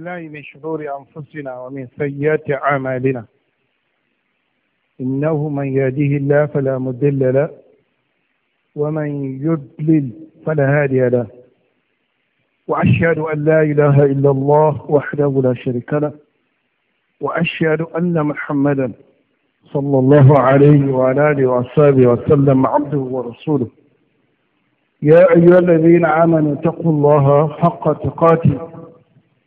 بالله من شرور أنفسنا ومن سيئات أعمالنا إنه من يهده الله فلا مضل له ومن يضلل فلا هادي له وأشهد أن لا إله إلا الله وحده لا شريك له وأشهد أن محمدا صلى الله عليه وعلى آله وأصحابه وسلم عبده ورسوله يا أيها الذين آمنوا اتقوا الله حق تقاته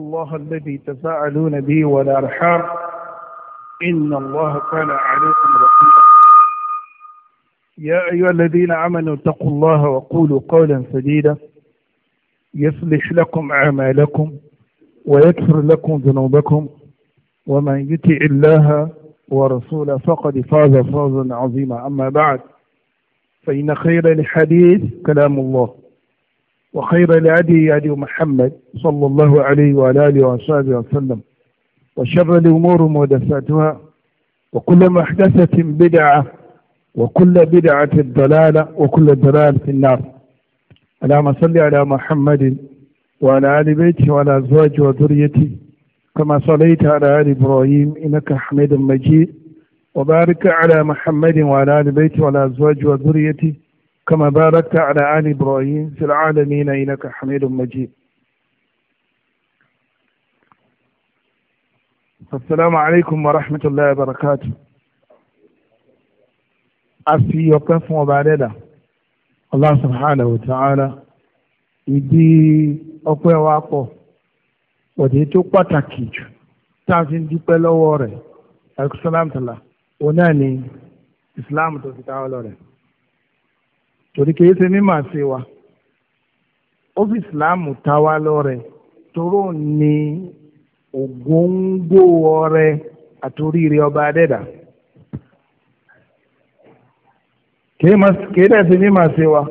الله الذي تفاعلون به والأرحام إن الله كان عليكم رقيبا يا أيها الذين آمنوا اتقوا الله وقولوا قولا سديدا يصلح لكم أعمالكم ويكفر لكم ذنوبكم ومن يطع الله ورسوله فقد فاز فوزا عظيما أما بعد فإن خير الحديث كلام الله وخير الهدي هدي محمد صلى الله عليه وعلى آله وصحبه وسلم وشر الأمور محدثاتها وكل محدثة بدعة وكل بدعة ضلالة وكل ضلال في النار اللهم صل على محمد وعلى آل بيته وعلى أزواجه وذريته كما صليت على آل إبراهيم إنك حميد مجيد وبارك على محمد وعلى آل بيته وعلى أزواجه وذريته كما باركت على آل إبراهيم في العالمين إنك حميد مجيد السلام عليكم ورحمة الله وبركاته أفي يقف مباردة الله سبحانه وتعالى يدي أقوى واقو وديتو قطاكيج تازين دي بلو وري السلام تلا وناني إسلام تلك تعالى torí kìí ṣe mímọ̀ ṣe wa ó fi ìsìláàmù ta wá lọ́rẹ toró ni ògóńgó ọrẹ àtòríire ọba adẹ́dà kìí dẹ̀ ṣe mímọ̀ ṣe wa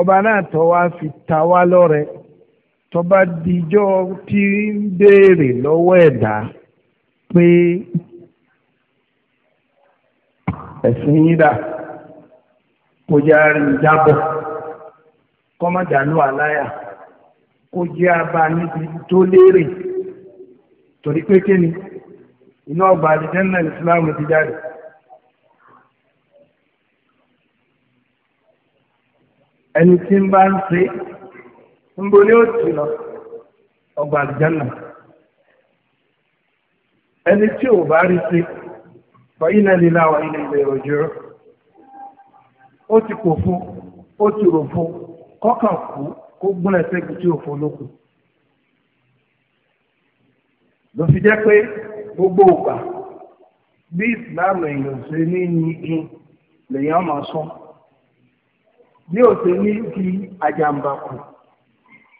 ọba náà tọ́ wá fi ta wá lọ́rẹ tọba dijọ́ tí ń béèrè lọ́wọ́ ẹ̀dá pé ẹ̀sìn yín dà kó jẹ́ arìn jábọ̀ kọ́mọ̀dánù àláyà kó jẹ́ abá níbi tó lérè torí pé kí ni iná ọgbà àdìjẹ́nà ìsìláàmù ti jáde. ẹni tí ń bá ń ṣe ń bo ní òtún lọ ọgbà àdìjẹ́nà ẹni tí ò bá rí ṣe fa iná lílá wa ilé ìbẹ̀rù jùlọ ó ti pò fún ó ti rò fún kọ́kàn kú kó gbọ́n ẹsẹ̀ kù tí òfò ló kù. ló fi jẹ́ pé gbogbo ògbà bí ìsìláàmù èèyàn ṣe ní yìnyín lèèyàn máa sọ bí ó ṣe ní di àjàǹbàkù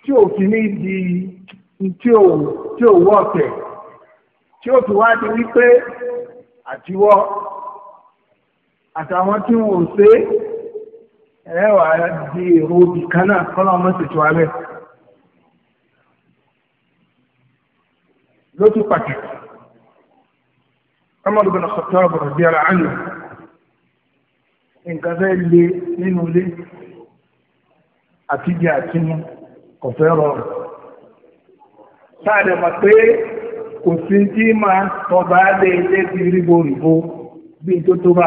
tí ò fi ní di tí ò tí ò wọ́ ọ̀tẹ̀ tí ó fi wá di wípé àtiwọ́ àtàwọn tí wọn ò ṣe é ẹ wà á di èrò òbí kan náà kọ́nà ọmọ ṣètò alẹ́. lótú pàtàkì Umar bin Khattab radiyallahu anhu nǹkan fẹ́ lé nínú ilé àtijọ́ àti mu kò fẹ́ rọrùn. sáàdẹ̀ mọ̀ pé kò sí tí máa tọba lé ilé bí ríbo rìbo bí tó tó bá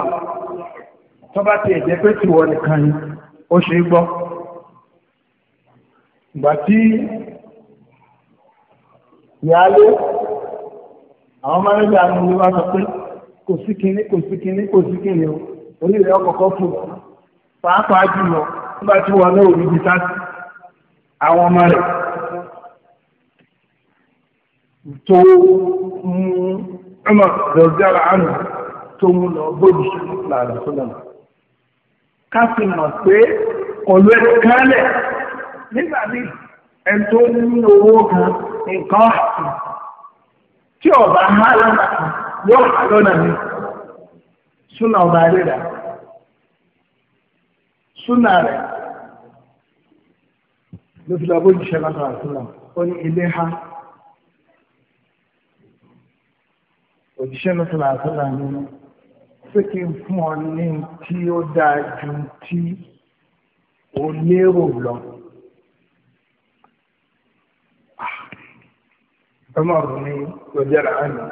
tọ́ba tiẹ̀ jẹ́ pé tìwọ́ nìkan yìí ó ṣe é gbọ́ ìgbà tí ìyáálé àwọn mánéjà ní ilé wa sọ pé kò sí kinní kò sí kinní kò sí kinní o orí rẹ̀ ọkọ̀ọ̀kọ̀ fò pàápàá jùlọ nígbà tí wọn náà rí ibi sá àwọn ọmọ rẹ̀ tó mú ọmọ rẹ̀ àánú tó mú lọ bóyá ìṣẹ́lẹ̀ làlẹ́ fúnlẹ̀ náà ká fi mọ̀ pé ọ̀lọ́ ẹni kálẹ̀ nígbà míì ẹni tó ní owó kan nǹkan àti tí ọba há lọ́nà kan yóò há lọ́nà mi súnà ọba rírà súnà rẹ̀ ló fi lọ bó jíṣẹ́ lọ́sọ̀ àtúnà ó ní ilé ha òjíṣẹ́ lọ́sọ̀ àtúnà nínú pé kí n fún ọ ní tí ó dáa ju tí o lérò lọ. Umar ní lọ́jọ́ra àná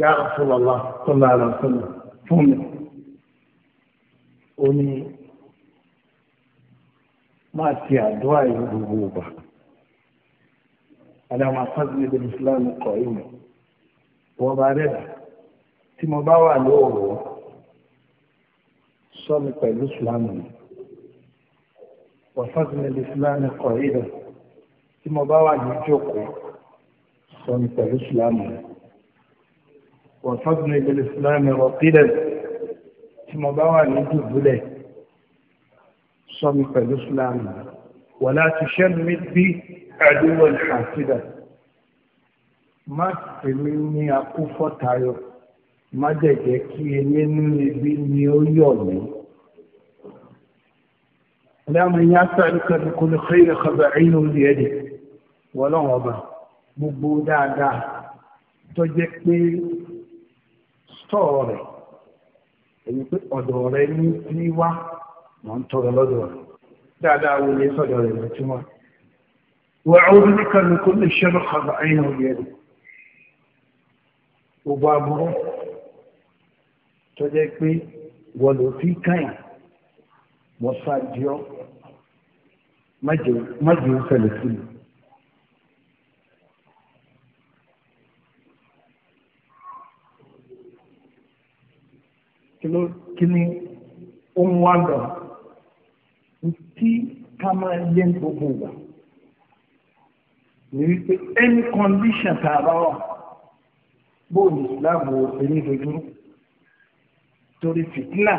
yá Rasulullah sallallahu alaihi wasallam fún mi. Ó ní máa ti àdúrà yìí gbogbo ọba. Àdàmà Fásitì Ìdílé Ìsìlámù kọ̀ ìmọ̀. Wọ́n bá rẹ̀ tí mo bá wà lóòrùn sọ́mi pẹ̀lú ìsìlámù wàfáàsìmẹ̀ ìsìlámù kọ̀ ìdẹ̀ tí mo bá wà ní ìjókòó sọ́mi pẹ̀lú ìsìlámù wàfáàsìmẹ̀ ìsìlámù rọ̀ ìdẹ̀ tí mo bá wà ní ìdùbúlẹ̀ sọ́mi pẹ̀lú ìsìlámù wàlá ti ṣẹ́ mi bí àdúgbò ìhàsídà má pèmí ní akúfọ́ tayọ̀ má dẹ̀ jẹ́ kí elénú ibi ni ó yọ̀ mí. Ọlọ́run ìyá sáré kẹ́lẹ́ kó lè fẹ́ ilẹ̀ kọ̀bẹ̀ inú ilé ẹ̀dẹ̀ wọ́n lọ́wọ́ ọba gbogbo dáadáa tó jẹ́ pé sọ́ọ̀ rẹ̀ èyí pé ọ̀dọ̀ rẹ̀ ní tí wá mọ̀ ń tọrọ lọ́dọ̀ rẹ̀ dáadáa wo ni sọ̀dọ̀ rẹ̀ lọ́tí wọn. وأعوذ بك من كل شر خبعين وبيده وبابه tó jẹ́ pé wọ́n ló fi káyìn wọ́n ṣáájú ọ́ májè ń ṣẹlẹ̀ sí mi. kí ni ó ń lọ tí ká máa yẹ gbogbo ìgbà ní wípé any condition tá a bá wà bóòlù Islam ò ní ìdojúrú torí fìtínà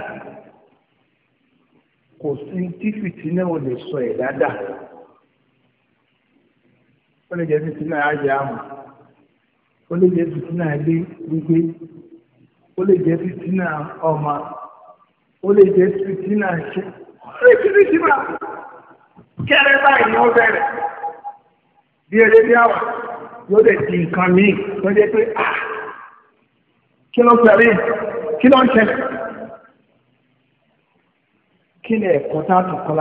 kò sí tí fìtínà ò lè sọ ẹ̀ dáadáa ó lè jẹ́ fìtínà ayé àmọ́ ó lè jẹ́ fìtínà ilé gbígbé ó lè jẹ́ fìtínà ọmọ ó lè jẹ́ fìtínà ṣe ó lè jẹ́ fìtínà kẹrẹ báyìí ni ó bẹ̀rẹ̀ bí eré bí àwà yóò lè di nǹkan míì tó jẹ́ pé ah! kí ló ń ṣẹlẹ̀ kí ló ń ṣẹlẹ̀. kí ni ẹ̀kọ́ tá a tún kọ́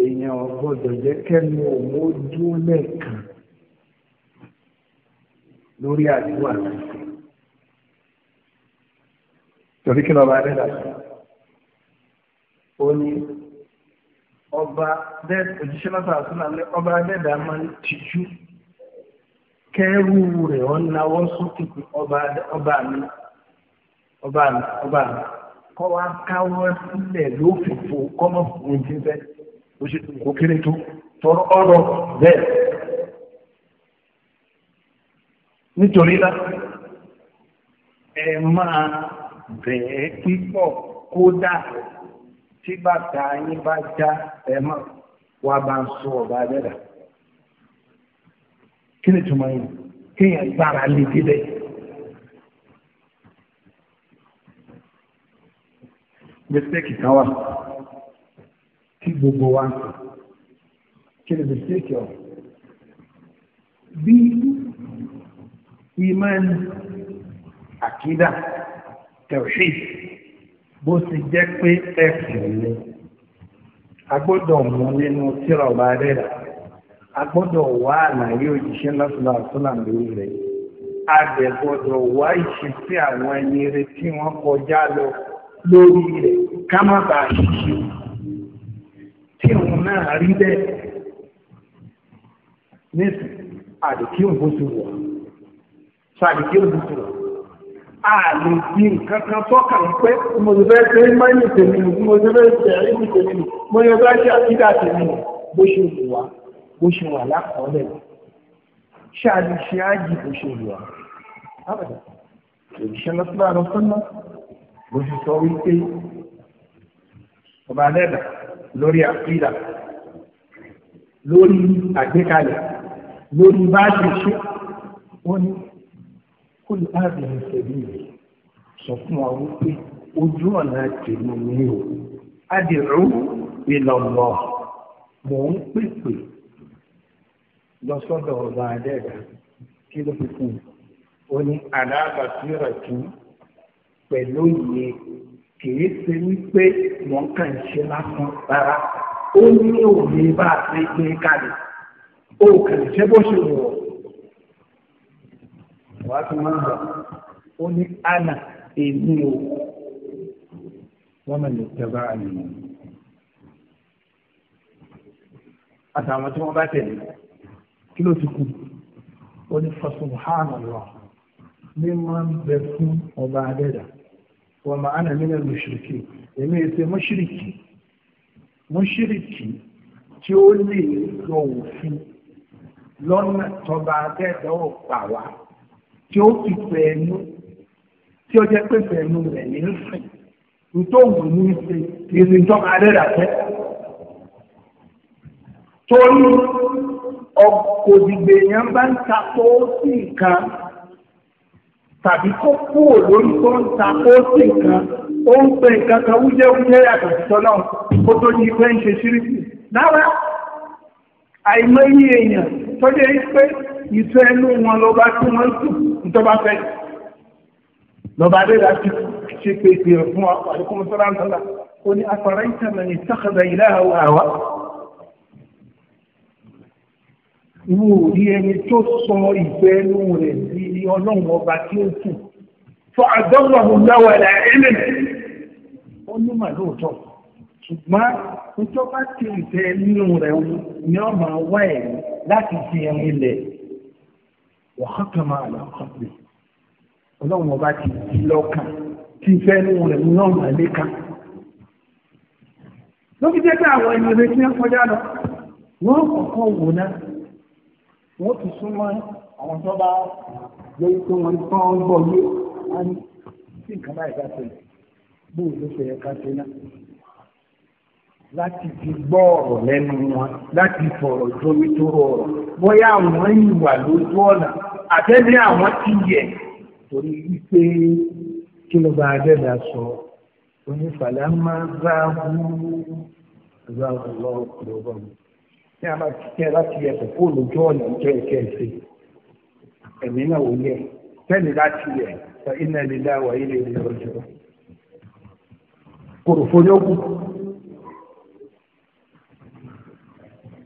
èèyàn gbọ́dọ̀ jẹ́ kẹ́nu òun ó dúró lẹ́ẹ̀kan lórí àdúrà rẹ̀ torí kí ọba òjíṣẹ́ lọ́sàá ọba adẹ́dà máa ń tijú kẹ́rù rẹ̀ ọba mi ọba ọba mi. kọ́ wa káwọn sílẹ̀ lófìfo kọ́mọ fún ti fẹ́ ó ṣe kó kéré tó tọrọ ọ̀rọ̀ bẹ́ẹ̀ nítorí náà ẹ máa bẹ̀ẹ́ pípọ̀ kódà tí bàtà yín bá já ẹ máa wá bá ń sọ ọ̀bá dẹ́dà kí ni túmọ̀ yín kéèyàn gbára lè débẹ̀. mistake kan wà tí gbogbo wa ń sọ kí ni mistake ọ̀ bí iman àkídà tawhid bó ti jẹ́ pé ẹ̀sìn ni a gbọ́dọ̀ mú nínú tírà ọba rẹ̀dà a gbọ́dọ̀ wá àlàyé òjíṣẹ́ lọ́sọ̀lá àtúnlá lórí rẹ̀ a dẹ̀ gbọ́dọ̀ wá ìṣesí àwọn ẹni rẹ̀ tí kọjá lọ lórí rẹ̀ ká má bàa ṣiṣẹ́ tí òun náà rí bẹ́ẹ̀ nísìn àdìkí òun ti wọ̀ sàdìkí òun ti wọ̀ àlè bí nǹkan kan tọ́ka ń pẹ́ mo ti fẹ́ ṣe mẹ́rin tèmi nù mo ti fẹ́ ṣe àríwí tèmi nù mo ti fẹ́ ṣe àkídà tèmi nù bó ṣe wù wá bó ṣe wà lákọọ́lẹ̀ ṣé a lè ṣe ájì bó ṣe wù wá. Òṣìṣẹ́ lọ́sọ́lá lọ́sọ́lá mo sì sọ wípé ọba lẹ́dà lórí àkídà lórí àgbékalẹ̀ lórí bá a ṣe ṣe wọ́n ní kó lè bá a bẹ̀rẹ̀ sẹ́bí rẹ̀ sọ fún wa wípé ojú ọ̀nà tèmi ni o adìrú ìlọ̀lọ̀ mò ń pèpè lọ sọ́dọ̀ ọba adẹ́dà kí ló fi kún un ó ní aláàbàtì rẹ̀ tún pẹ̀lú ìyè kìí ṣe wípé mọ̀ ń kàn ṣe lásán rárá ó ní òye bá a ṣe gbé kalẹ̀ ó kàn ṣe bó ṣe wọ̀ wá tó máa ń bọ̀ ó ní àná èmi o wọ́n mọ̀ lè tẹ́ bá nìyẹn àtàwọn tí wọ́n bá tẹ̀lé kí ló ti kú ó ní fọ́sùn hàn lọ́wọ́ mímọ́ ń bẹ fún ọba adẹ́dà wọ́n máa ń àmì lẹ́nu mùṣírìkì èmi ètò mùṣírìkì mùṣírìkì tí ó lè lọ òfin lọ́nà tọba adẹ́dà ò pa wá tí ó fi fẹ̀ẹ́nu tí ó jẹ́ pé fẹ̀ẹ́nu rẹ̀ ní sìn ntòhùn ní ṣe kì í ṣe ntọ́ka adẹ́dà fẹ́ torí ọkọ̀ òdìgbè yẹn bá ń ta tó sí nǹkan tàbí kó kúrò lórí tó ń ta ó sì kan ó ń pe nǹkan kan wújẹ́wújẹ́ yàtọ̀ sísọ náà kó tó ní pé ń ṣe síríkì lára àìmọye èèyàn tó jẹ́ pé ìtọ́ ẹnu wọn ló bá tí wọ́n sùn nítorí wọ́n fẹ́ lọ́ba adéra ti ṣe pé fún wa àdókòmọ́sọ́lá ń ó ní apàrẹ́ ìtàmẹ́ni sákàdà ìlà àwọn ìwọ ò ẹni tó sọ ìfẹ́ inú rẹ̀ sí ọlọ́run ọba tí ó kù fọ àdọ́gbà ọ̀dáwà ẹ̀ ẹ̀lẹ̀ ó ní mà lóòótọ́ ṣùgbọ́n ìjọba ti ìfẹ́ rẹ̀ ni máa wá ẹ̀ láti fi lẹ̀ máa lọ kàn pé ọlọ́run ọba ti lọ́kàn tí ìfẹ́ rẹ̀ ó máa lé rẹ̀ ti ń kọjá lọ wọ́n kọ̀ọ̀kan wò wọ́n ti súnmọ́ àwọn tó bá yẹ kí wọ́n tó ń bọ̀ yé wọ́n sì nǹkan báyìí bá tẹ̀lé bóun ló ṣe yẹ ká ṣe náà láti fi gbọ́ ọ̀rọ̀ lẹ́nu wọn láti fọ̀rọ̀ jomi tó rọrọ̀ bóyá àwọn ìwà lójú ọ̀nà àtẹ́lẹ́ àwọn ti yẹ torí wípé kí ló bá adẹ́dà sọ onífàlà máa gbá wú gbá wú lọ́wọ́ kúrò bọ́ọ̀mù tí a bá kíkẹ́ láti ẹ̀sùn kó lójú ọ̀nà ìjọ ìkẹ́ ìṣe ẹ̀mí náà ò yẹ tẹ́lẹ̀ láti yẹ sọ iná ilé dáwà ilé ilé ọjọ́ kòròfó ló kù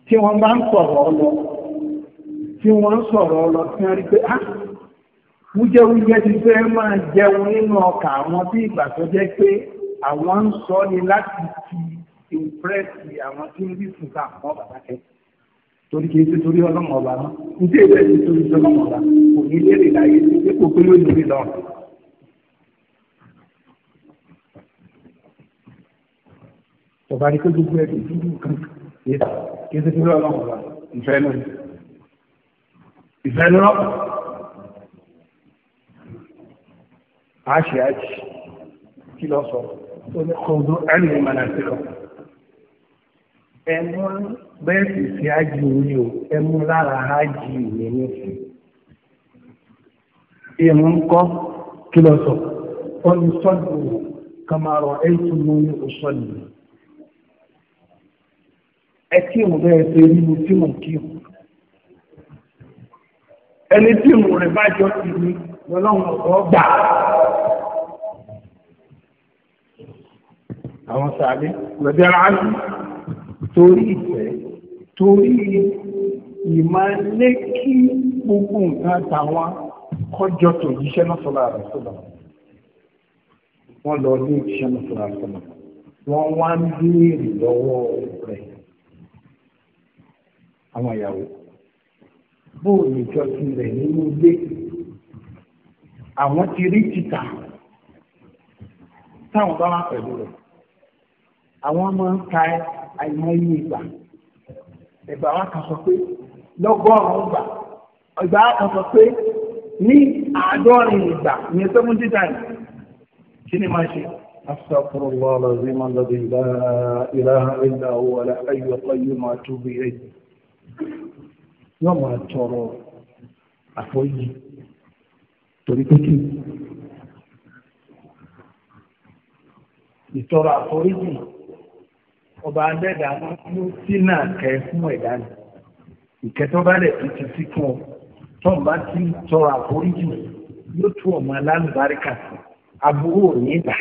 tí wọ́n bá ń sọ̀rọ̀ ọ lọ tí wọ́n ń sọ̀rọ̀ ọ lọ tí wọ́n rí pé ah wújẹ́wújẹ́ ti fẹ́ máa jẹun nínú ọkà àwọn bí ìgbà tó jẹ́ pé àwọn ń sọ ni láti ti ìmpírẹ́sì àwọn tí ń rí fúnka àwọn bàbá kẹ torí kìí ṣe torí ọlọ́mọ ọba mọ́ nítorí ìbẹ̀ ti torí ọlọ́mọ ọba kò ní lérè láyé pé kò pé lónìí rí lọ́rùn. ọba ní kó gbogbo ẹbí dúdú kan kìí ṣe torí ọlọ́mọ ọba ìfẹ́ ló ní ìfẹ́ ló rọ́ àṣẹ àjì kí lọ sọ ó ní kò dún ẹnì mọ̀nà sí lọ ẹmú bẹ́ẹ̀sì sí ájì mi o ẹmú lára ájì mi nífi. Ìrún kọ́ kí lọ sọ, ó ní sọ́dù kàmárọ̀ ẹ̀tù mú ní òṣọ́lù. Ẹ kí ìwọ̀n bẹ́ẹ̀ ṣe rí mi tí mò ń kí ìwọ̀n. Ẹni tí mò rẹ̀ bá jọ sí mi lọ́lọ́run ọ̀gọ́ gbà. Àwọn sàbí, lọ́dẹ̀ ara ń torí ìfẹ́ torí ìmá lé kí gbogbo nǹkan tàwọn kọjọ tó jíṣẹ́ náà sọ́lá rẹ̀ sọ́lá wọ́n lọ ní ìṣẹ́ náà sọ́lá rẹ̀ sọ́lá wọ́n wá ń béèrè lọ́wọ́ rẹ̀ àwọn ìyàwó bóò ní ìjọsìn rẹ̀ nínú ilé àwọn ti rí títà táwọn bá wà pẹ̀lú rẹ̀ àwọn máa ń ka ẹ́ àìmọye ìgbà ẹgbà wa kan sọ pé lọ́gọ́rùn-ún gbà ẹgbà wa kan sọ pé ní àádọ́rin ìgbà ní seventy times kí ni máa ṣe. أستغفر الله العظيم الذي لا إله إلا هو الحي القيوم وأتوب إليه yóò máa tọrọ àfọyí torí pé kí ọba adẹ́dà ló tí náà kẹ fún ẹ̀dá ni ìkẹtọ́ bá dẹ̀ ti ti sí fún ọ tọ́n bá ti tọrọ àforíjì yóò tú ọmọ alálùbáríkà aburú òní ìgbà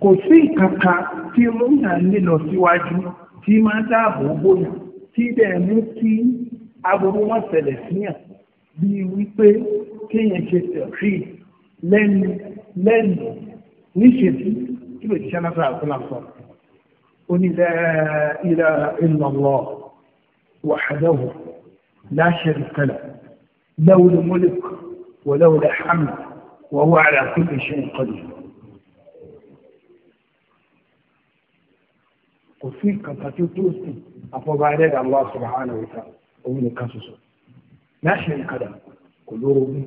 kò sí ìkankan tí lóyún àlè lọ síwájú tí máa dáàbò bóyá tí dẹ̀ mú kí aburú wọn ṣẹlẹ̀ síyàn bíi wípé kéèyàn ṣe tẹ̀rí lẹ́nu lẹ́nu níṣèjì كريستيان الرابع الأخضر قولي لا إله إلا الله وحده لا شريك له له الملك وله الحمد وهو على كل شيء قدير وفي كفاتيو توسي أفضل الله سبحانه وتعالى ومن الكاسوس لا شيء قدام قلوبي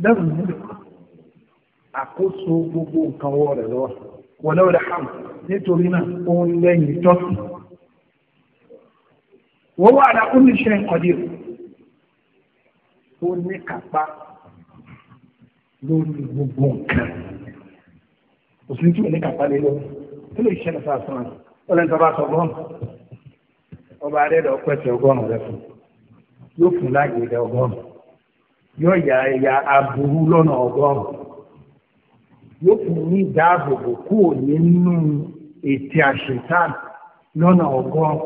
له الملك àkóso gbogbo nǹkan wọ rẹ̀ lọ́wọ́ wọlé wọlé ham nítorí náà òun lẹ́yìn tọ́sí wọ́n wà ní akúni ṣe ìkọ̀dé tó ní kápá lórí gbogbo nǹkan òsì tí o ní kápá lé lórí tó lè ṣẹlẹ̀ sáà sọ́nà ọ̀lẹ́ ní ọba sọ̀gbọ́n ọba adẹ́dọ̀ pẹ̀sẹ̀ ọgọ́rùn-ún rẹ̀ fún yóò fún láàyè ọgọ́rùn-ún yóò yà ẹ̀yà aburú lọ́nà ọgọ́rùn-ún yóò fún ní ìdáàbòbò kúrò nínú ètè àṣetán lọ́nà ọgọ́rùn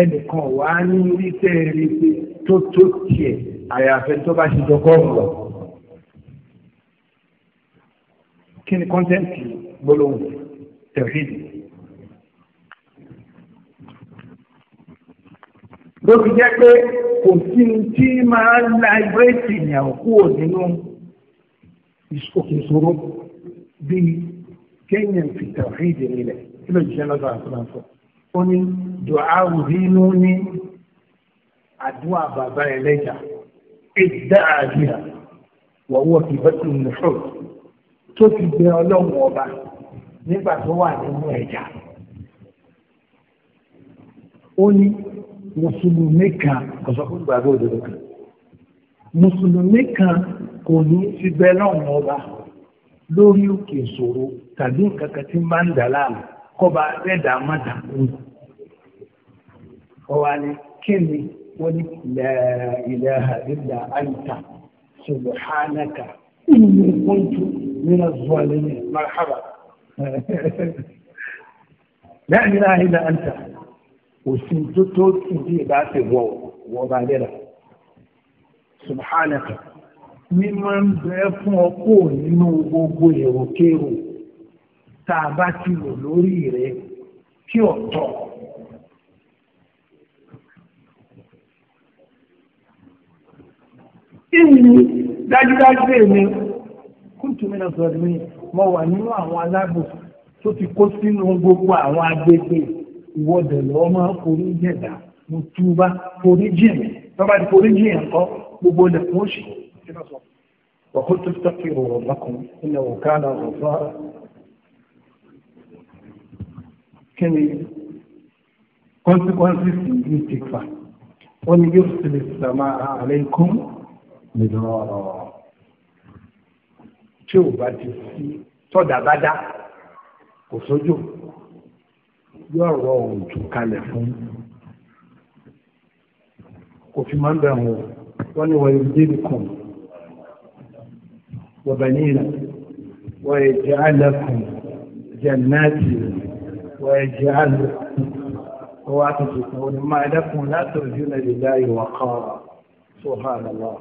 ẹnìkan wà á ní orí tẹ́ẹ̀rí pé tó tó tiẹ̀ àyàfẹ́ tó bá ṣe dọ́gọ́rùn lọ. kí ni kọ́ńtẹ́ǹtì gbólóhùn tẹ̀fíìdì. ló fi jẹ́ pé kò sí ní tí máa ń la ìrètí ìyàwó kúrò nínú òkè ìṣòro bíi kéèyàn fi tàwíìdì nílẹ̀ kí ló jíṣẹ́ lọ́dọ̀ àtúnṣe ó ní dùá rínú ní àdúrà bàbá ẹlẹ́jà ìdá àdúrà wọ̀wọ́ kì bẹ́tù nìṣọ́ tó fi gbé ọlọ́run ọba nígbà tó wà nínú ẹ̀jà ó ní mùsùlùmí kan kò sọ fún gbàgbọ́ òdodo kan mùsùlùmí kan kò ní fi bẹ́ lọ́run ọba lórí òkè ìṣòro tàbí nǹkan kan tí máa ń dà láàmú kọba rẹ̀dà má dàkú. ọwọ́ ni kí ni wọ́n ní la ilaha illa anta subhanaka inni kuntu mina zalimin marhaba. la ilaha illa anta òsì tó tó ti di ìbáṣe wọ̀ wọ́n bá rẹ̀dà subhanaka mímọ́ ń bẹ fún ọkọ̀ nínú gbogbo èròkérò tá a bá ti lò lórí rẹ kí ọ̀tọ̀. Ìwú dájúdájú èmi kúntùmí náà sọ̀rọ̀ mi mo wà nínú àwọn alábòsí tó ti kó sínú gbogbo àwọn agbègbè ìwọ́dẹ̀ lọ́wọ́ máa ń forí jẹ̀dá mo túbá forí jìn tọ́ba ti forí jìn ẹ̀kọ́ gbogbo ilẹ̀kùn òṣì tí wọ́n sọ. وقلت استغفروا ربكم إنه كان غفارا كني consequences in istighfar wọ́n ní yóò sì lè sàmà àlékún mìíràn tí ò bá ti sí tọ́dà bá dá kò sójò yóò rọ òjò kalẹ̀ fún kò fi máa ń bẹ̀rù wọ́n ní wọ́n yóò dé nìkan. وبنينا ويجعل لكم جنات ويجعل لكم وتقول ما لكم لا ترجون لله وقارا سبحان الله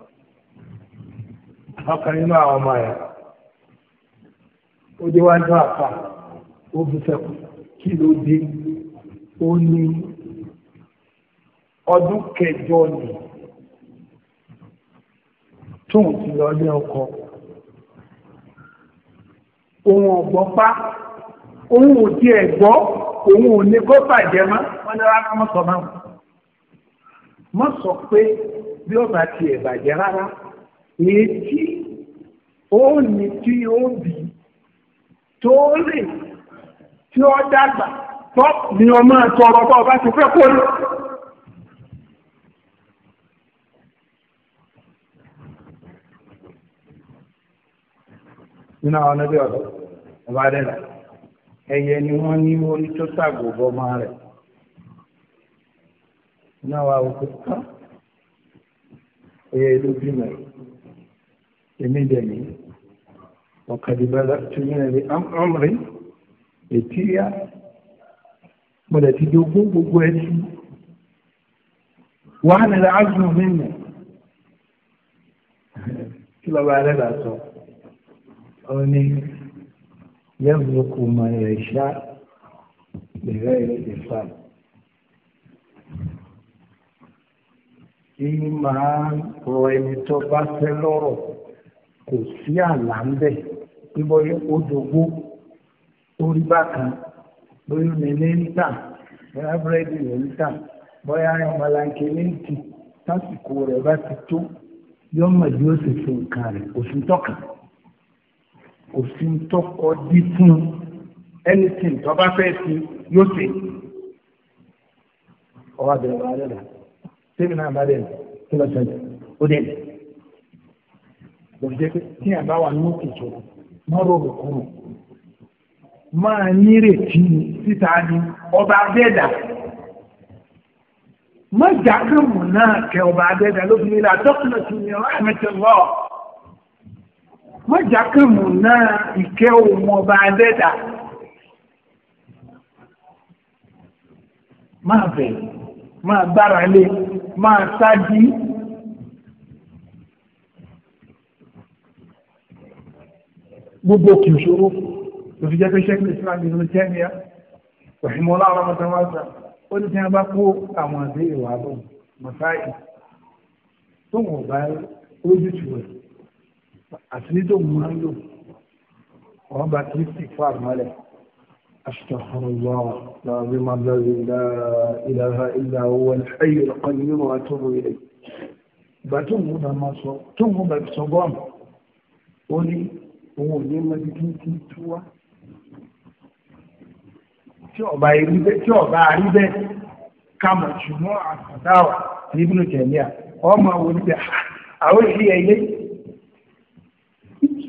ọkàn nínú àwọn ọmọ rẹ̀ ó déwájú àpá ó bú sẹ́kù kí ló dé ó ní ọdún kẹjọ ni tóun ti lọ ní ọkọ̀ òun ọ̀gbọ́ pa òun ò di ẹ̀gbọ́ òun ò ní kó bàjẹ́ mọ́ wọ́n ní rárá mọ́ sọ máa wọ̀. mọ́ sọ pé bí ọba ti ẹ̀ bàjẹ́ rárá èyí tí ó ní tí ó bì tó rìn tí ó dàgbà tó ni ọmọ tọrọ bá ọba ti fẹ́ kó lọ. nínú àwọn ọ̀nà bí ọ̀dọ́ ọba dẹ́nà ẹyẹ ni wọ́n ní orí tó ṣàgbò bọ́mọ rẹ̀ nínú àwọn àwòkọ́ tán ẹyẹ ló bímọ èmi dẹ̀mí ọ̀kadìbàlá tìmínà ní ọmọrì ètìyà mọ̀lẹ̀ ti di ogún gbogbo ẹ̀ sí wàhánà làásùn mímu kí lọ́ba rẹ̀ là sọ ó ní yẹ́bùrúkú mọ̀ ẹ̀ṣá ìrẹ́ ìfà. Ìyí máa ń rọ ẹni tó bá fẹ́ lọ́rọ̀ kò sí àlá ń bẹ̀ bíbọ́ yẹ kó dogbo orí bákan bóyá omi ní ń tà bóyá búrẹ́dì ní ń tà bóyá ọmọlanke ní ń tì lásìkò rẹ̀ bá ti tó yọ́mọ̀ yóò sì fi nǹkan rẹ̀ kò sí tọ́kàn kò sí tọkọ dí fún anything tó bá fẹ́ sí yóò ṣe ọwọ́ abẹ́rẹ́ wà lẹ́la sẹ́mi náà bá dẹ̀ kí lọ́ọ́ ṣẹlẹ̀ ó dẹ̀ lọ́ọ́ jẹ́ pé tí a bá wà ní òkè tó mọ́rọ̀ rẹ̀ kúrò máa nírètí síta ni ọba abẹ́ẹ̀dà má jà kàn náà kẹ ọba abẹ́ẹ̀dà lóbìnrin la dọ́kítà tún ní ọ̀rọ̀ àmẹ́tẹ̀ lọ́ọ̀ mọ́jàkàmù náà ìkẹ́ ohun ọba adẹ́dà máa bẹ̀ máa gbára lé máa sáájú gbogbo kì í ṣòro tó fi jẹ́ pé ṣẹ́kì islam ní ìlú kẹ́míà òṣìmọ́lá ọlọ́mọdéwàsá ó ní kí wọ́n bá kó àwọn àdéhùn àbọ̀ mọ̀sáì tó wọ́n bá lójútùú rẹ̀ àti nítorí òun máa ń lò wọ́n bá ti sì fún àmọ́lẹ̀ أستغفر الله العظيم الذي لا إله إلا هو الحي القيوم وأتوب إليه ìgbà tó mú bá máa sọ tó mú bá sọ bọ́ọ̀mù ó ní òun ò ní mọ́bí kí n ti tú wá tí ọba rí bẹ́ẹ̀ tí ọba rí bẹ́ẹ̀ ká ní à ọmọ wo ni àwọn èyí ẹ̀yẹ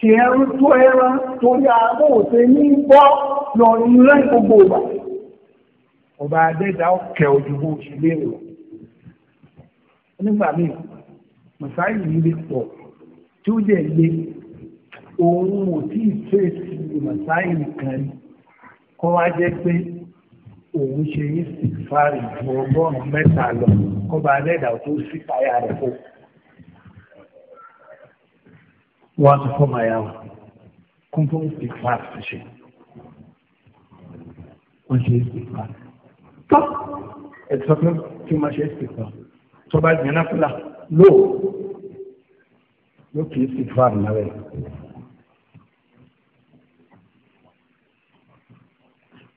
kì í ẹrú tó ẹran torí àbò òṣè ní gbọ́ lọ ilé gbogbo ìgbà ọba adẹ́dá ọ̀kẹ́ ojúbó òṣèlè rẹ̀ nígbà míì mọ̀sáì yìí lè pọ̀ tí ó dẹ̀ lé òun ò tí ì fèsì mọ̀sáì nìkan rí kọ́ wá jẹ́ pé òun ṣe yí sí fáàrí ju ún mẹ́ta lọ kọ́ba adẹ́dá tó sí fàyà rẹ̀ fún wọ́n á sọ fọ́ọ̀mù àyàwó kún fún ìfàs ṣe wọ́n ṣe ìfàs tọ́ ẹ̀sọ́ pé kí wọ́n ṣe ìfàs tó bá jẹ́ náà fúlà lóò ló kì í sì fáàmù náà rẹ̀.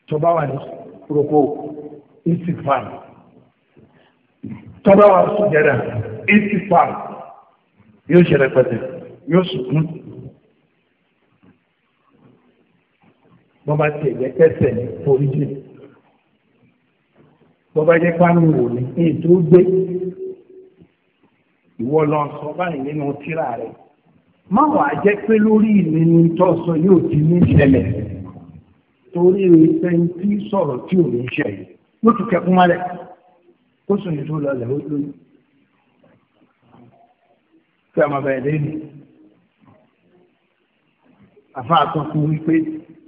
tọba wà ní roko istifan yóò sùkún. bọ́ba ti ẹ̀jẹ̀ kẹsẹ̀ ní foríjì bọ́ba jẹ́ pánú wò ní ní ètò gbé ìwọ lọ sọ báyìí nínú tírà rẹ̀ má wàá jẹ́ pé lórí ìnínú tó sọ yóò ti ní ìṣẹ̀lẹ̀ torí ẹni tí sọ̀rọ̀ tí ò ní ṣe yìí ló tún kẹkún mọ́lẹ̀ kó sùn ní tó lọ lẹ̀ ó lóyún kí a máa bẹ̀rẹ̀ lẹ́yìn àfa àtọ́kù wípé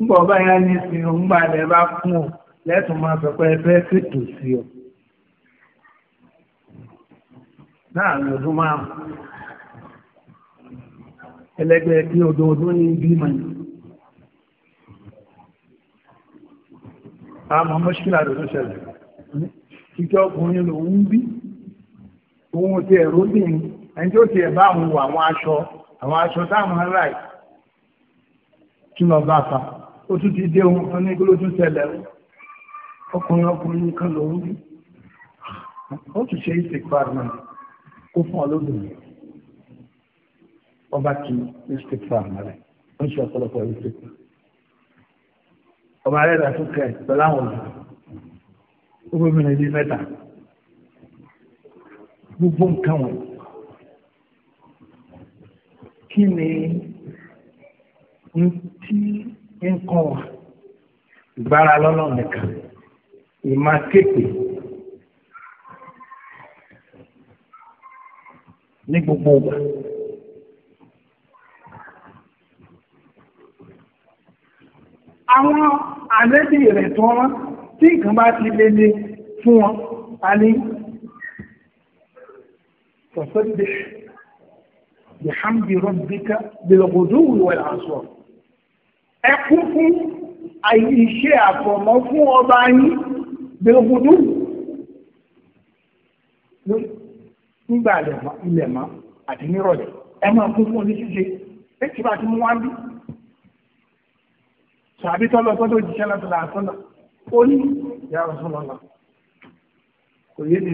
ńgbà ọba yẹn ní sin o ńgbà ilẹ̀ bá fún o lẹ́tùn máa sọ pé ẹ fẹ́ fètò sí o. láàrin ọdún márùn ẹlẹgbẹ́ bí ọdọọdún ní bímọ ni. àmọ́ mọ́ṣíkìlá rẹ̀ ló ṣẹlẹ̀ ìjọ ọkùnrin lòún bí òun ti ẹ̀rọ bìnrin ẹni tí ó ti ẹ̀ bá àwọn aṣọ àwọn aṣọ táwọn ará yìí tún lọ bá fa ó tún ti dé ohun kan ní kí ló tún ṣẹlẹ̀ ọkùnrin ọkùnrin nìkan lòún rí ó tún ṣe istikfar náà kó fún ọlọ́dúnrún ọba kì í istikfar náà rẹ̀ ó ń ṣe ọ̀pọ̀lọpọ̀ istikfar ọba rẹ̀ rà tún kẹ̀ pẹ̀lú àwọn ọ̀dọ́ ó gbé mi ní mẹ́ta gbogbo nǹkan wọn kí ni ntí nǹkan wà ìgbára lọ́nà nìkan ìmá képe ní gbogbo ìgbà. Àwọn àlẹ́bí rẹ̀ tó wọ́n tí nǹkan bá ti lélẹ̀ fún wọn a ní فسبح بحمد ربك بالغدو والعصر ẹkún fún àìṣe àfọ̀mọ́ fún ọba yín gbẹ̀gbùdù nígbà ilẹ̀ mọ́ àti nírọ̀lẹ́ ẹ máa kún fún oníṣíṣe ẹ ti bá ti mú wá bí tàbí tọ́lọ sọ́dọ̀ òjíṣẹ́ láti là sọ́nà ó ní ìyá rẹ̀ sọ́nà kò yé ni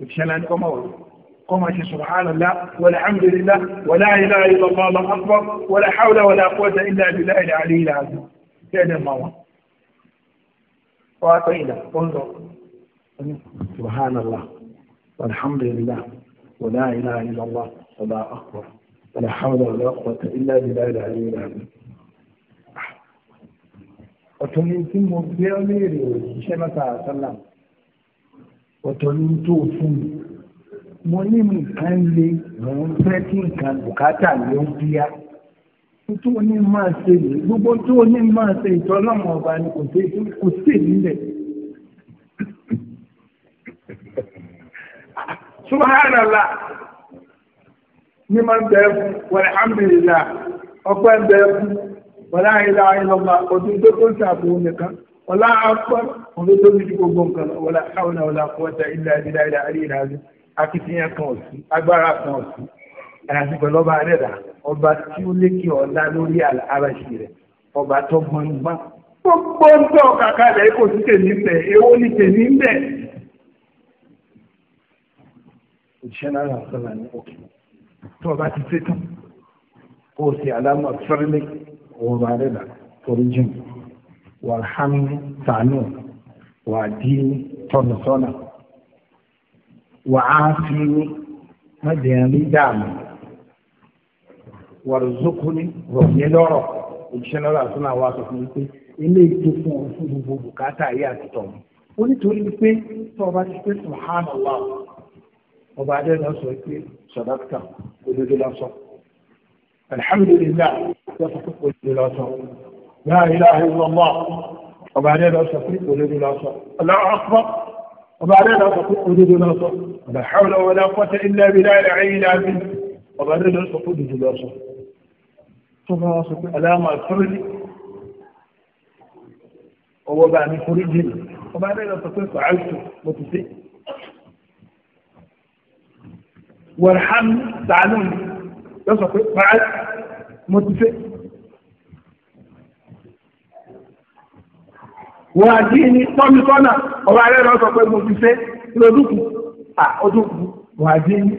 òjíṣẹ́ láti kọ́ mọ̀ wọ̀lú. قوم سبحان الله والحمد لله ولا اله الا الله اكبر ولا حول ولا قوه الا بالله العلي العظيم كان الموت واعطينا سبحان الله والحمد لله ولا اله الا الله ولا اكبر ولا حول ولا قوه الا بالله العلي العظيم وتنين تيمو في اميري شمسا سلام وتنين تو mo ní nǹkan le mò ń fẹ́ kí nǹkan bùkátà ló ń bíyá ní máa ṣe lè gbogbo tó ní máa ṣe ìtọ́lọ́mọ ọba ni kò sí kò sí nílẹ̀. subhanallah ní máa ń bẹ fún walhamdulillah ọpẹ́ ń fún wala ilaha illallah ọdún tó tó ń nìkan wala wala hawla wala illa akitiyan kan ò sí agbára kan ò sí àyàfi pẹ̀lú ọba adẹ́dà ọba tí ó lékè ọ̀la lórí àràṣì rẹ̀ ọba tó gbọ̀ngbọ̀n gbogbo ń tọ́ kàkà rẹ̀ kò sí tèmi bẹ̀ èwo ni tèmi bẹ̀. òṣìṣẹ́ náírà sọ̀rọ̀ ní òkè tó ọba ti ṣe tán kó o ṣe àlámọ̀ fẹ́rẹ́lẹ́ ọba adẹ́dà torí jìn wàhámi tànù wàdí tọ̀nùsọ́nà wà á fi ní mọ́jẹ̀ rí dààmú wàrúzókòní rọ̀mí lọ́rọ̀ òjíṣẹ́ lọ́rọ̀ àti náà wà sọ fún mi pé ilé ètò fún ọ fún gbogbo bùkátà ayé àtìtọ̀ mi ó nítorí pé tó ọba ti pé subhanallah ọba adé náà sọ pé sọdọ́kítà òdodo lọ sọ alhamdulillah lọ sọ pé òdodo lọ sọ la ilaha illallah ọba adé náà sọ pé òdodo lọ sọ Allahu akbar. وما لنا فقود بالأصل ولا حول ولا قوة إلا بالله العلي العظيم وبعدين وما لنا فقود ثم فما على ما فرج وهو بعد فرج وما لنا فقود فعلت وتسيء وارحمني تعالوني يصف بعد متفق wọ́n àdí ní tọ́mítọ́nà ọba rẹ̀ lọ sọ pé mo ti fẹ́ lọ́dúnkù à ọdúnkù wọ́n àdí ní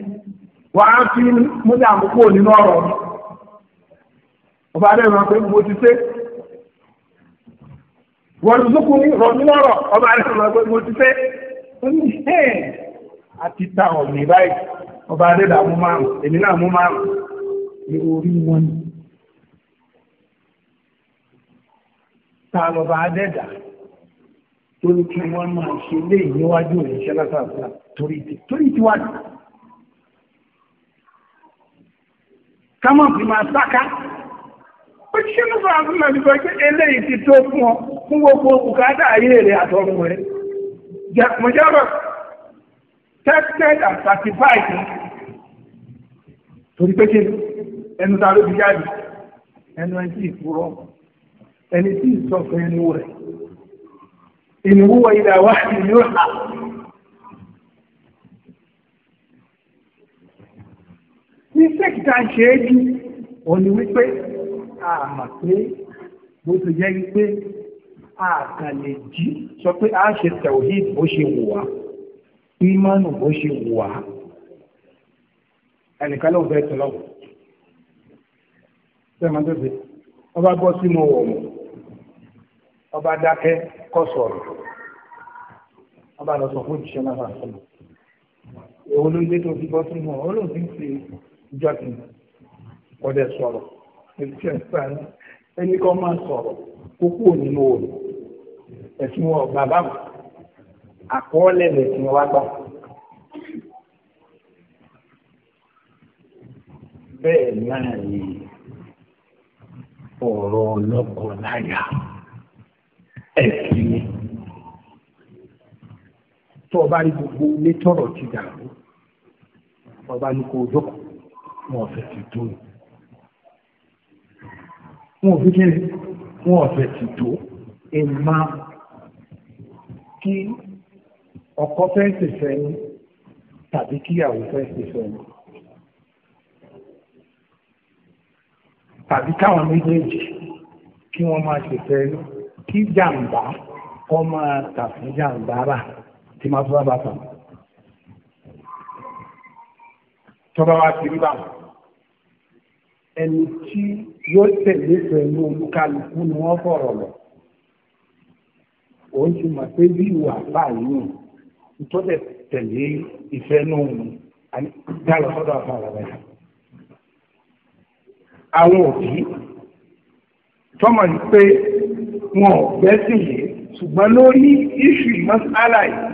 wọ́n á fi mú ní àkókò nínú ọ̀rọ̀ mi ọba rẹ̀ lọ pé mo ti fẹ́ wọ́n lùdúnkù ní rọ̀mí lọ́rọ̀ ọba rẹ̀ lọ pé mo ti fẹ́ ó ní ẹ̀ àti ta ọ̀mì báyìí ọba rẹ̀ là mú márùn èmi náà mú márùn Ta lọ́ba adẹ́dàá tó ní kí wọ́n máa ṣe lé níwájú òṣìṣẹ́ látàkùn torí ti torí ti wájú. kámọ̀ fi máa sáká òṣìṣẹ́ ló fara fún mi pé eléyìí ti tó fún ọ fún gbogbo bùkátà ayé rẹ̀ àtọ̀run rẹ̀ mọ̀jọ́rọ̀ tested and certified torí pé kí ẹnu ta ló fi jáde ẹnu ẹni tí ì fúrọ́ ẹni tí ì sọ fún ẹnu rẹ̀. إن هو إلى وحي يوحى mistake tá a ṣe é jù ò ní wípé a mọ̀ pé bó ti jẹ́ wípé a kàn lè jí sọ pé a ṣe tawhid bó ṣe wù wá bó ṣe wù wá ẹnìkan ló ń fẹ́ tọ́lọ́wọ́. sẹ́wọ̀n tó ṣe wọ́n bá sínú ọ̀wọ̀ wọn ọba dákẹ́ kọ́ sọ̀rọ̀ ọba lọ sọ fún ìṣẹ́ náà sọ̀rọ̀ èwo ló dé tó fi bọ́ sínú wọn ó lóun ti ń fi ìjọ tì ọdẹ sọ̀rọ̀ ètùtù ẹ̀sán ẹni kan máa sọ̀rọ̀ kókó nínú òòlù ẹ̀sìn wọn bàbá àkọọ́lẹ̀ lẹ̀sìn wa gbà. bẹ́ẹ̀ náà ni ọ̀rọ̀ ọlọ́kọ̀ọ́láyà ẹ̀sìn ni tó o rí gbogbo ilé tọrọ ti dàrú ọba ní kó o jókòó wọn ọ̀fẹ́ ti tó wọn òfin kí wọn ọ̀fẹ́ ti tó ẹ̀ máa kí ọkọ fẹ́ ṣèṣẹ́ ni tàbí kíyàwó fẹ́ ṣèṣẹ́ ni tàbí káwọn méjèèjì kí wọ́n máa ṣèṣẹ́ ni kí jàǹbá kọ́ máa tà fún jàǹbá rà tí máa tó bá tàn. tọ́ba wa ti rí bá ẹni tí yóò tẹ̀lé pẹ̀lú olúkálukú ni wọ́n fọ̀rọ̀ lọ. òun ti mọ̀ pé bí ìwà báyìí nù tó dẹ̀ tẹ̀lé ìfẹ́ náà nù dá sọ́dọ̀ àfàlà rẹ̀. àwọn òbí tọ́mọ̀ ní pé wọn ò gbẹ́sìn yìí ṣùgbọ́n lórí iṣu mọ́sálà yìí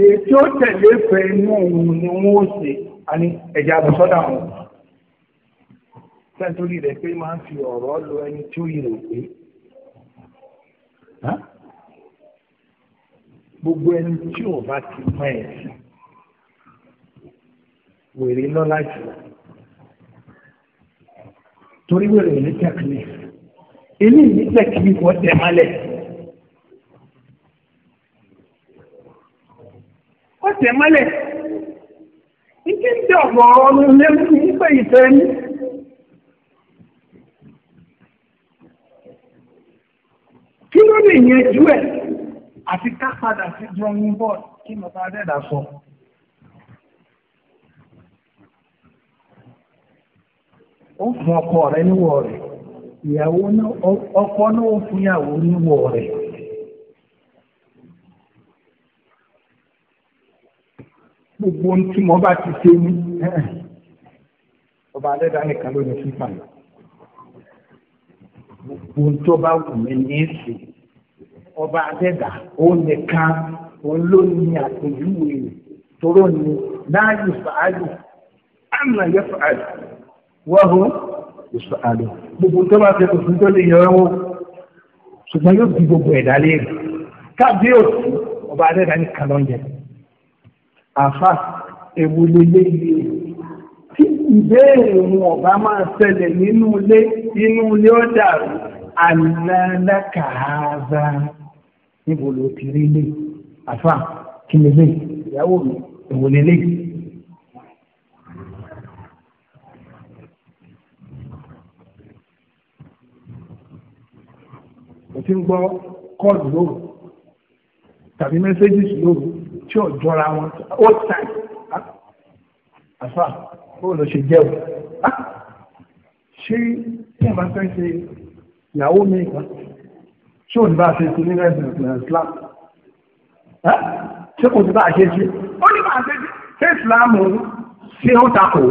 èyí tí ó tẹ̀lé fẹ́ inú òun ni wọ́n ó ṣe àní ẹ̀jẹ̀ àbọ̀sọ́dà wọn. sẹ́ńtúrì rẹ̀ pé máa ń fi ọ̀rọ̀ lọ ẹni tí ó yẹ òpè gbogbo ẹni tí ò bá ti mọ ẹ̀sìn wèrè lọ́la jù torí wèrè ní tẹ́kínìkì ilé ìnílẹ̀ kí wọ́n tẹ̀ mọ́lẹ̀. ó tẹ̀ mọ́lẹ̀ ìdí ń tẹ ọ̀gbọ̀n ọ̀rọ̀ ní lẹ́nu nípa ìfẹ́ ní. kí ló lè yẹn jú ẹ̀ àti ká padà sí drawing board kí mo bá rẹ̀ sọ. ó fún ọkọ rẹ níwọ̀ rẹ̀ ìyàwó náà ọkọ náà fún ìyàwó níwọ̀ rẹ̀. gbogbo ohun tí mo bá ti ṣe ní ọba alẹ́dá nìkan ló ní fífà yìí gbogbo ohun tó bá wù mí ní èsì ọba alẹ́dá òun nìkan òun ló ní àpèjúwe tóró ni láàyè fàáyò àmà yẹ fàáyò wọ́n hó yóò àlọ́ gbogbo tó bá fẹ́ tuntun tó lè yọrọ wọn ṣùgbọ́n yóò di gbogbo ẹ̀dá léèrè kábíyèsí ọba adẹ́dá ní kan lọ́njẹ àfa ewu lélẹ́ yìí tí ìbéèrè wọn ọba máa ṣẹlẹ̀ nínú ilé inú ilé ó dàrú àlàlàkàáza níbo ló ti rí lé àfa kí lélẹ́ ìyàwó mi èwo lélẹ́ yìí. ti ń gbọ́ kọ́ọ̀lù lóru tàbí mẹ́sẹ́gì lóru tí ò jọra wọn old time ah, àfà bóun ló ṣe jẹ́ o ah, ṣé tí a bá fẹ́ ṣe ìyàwó mi kan ṣé òun bá ṣe ti nílẹ̀ Islam ah, ṣé kò sí bá ṣe ṣe ó ní bá ṣe ṣe Islam ṣé ó takò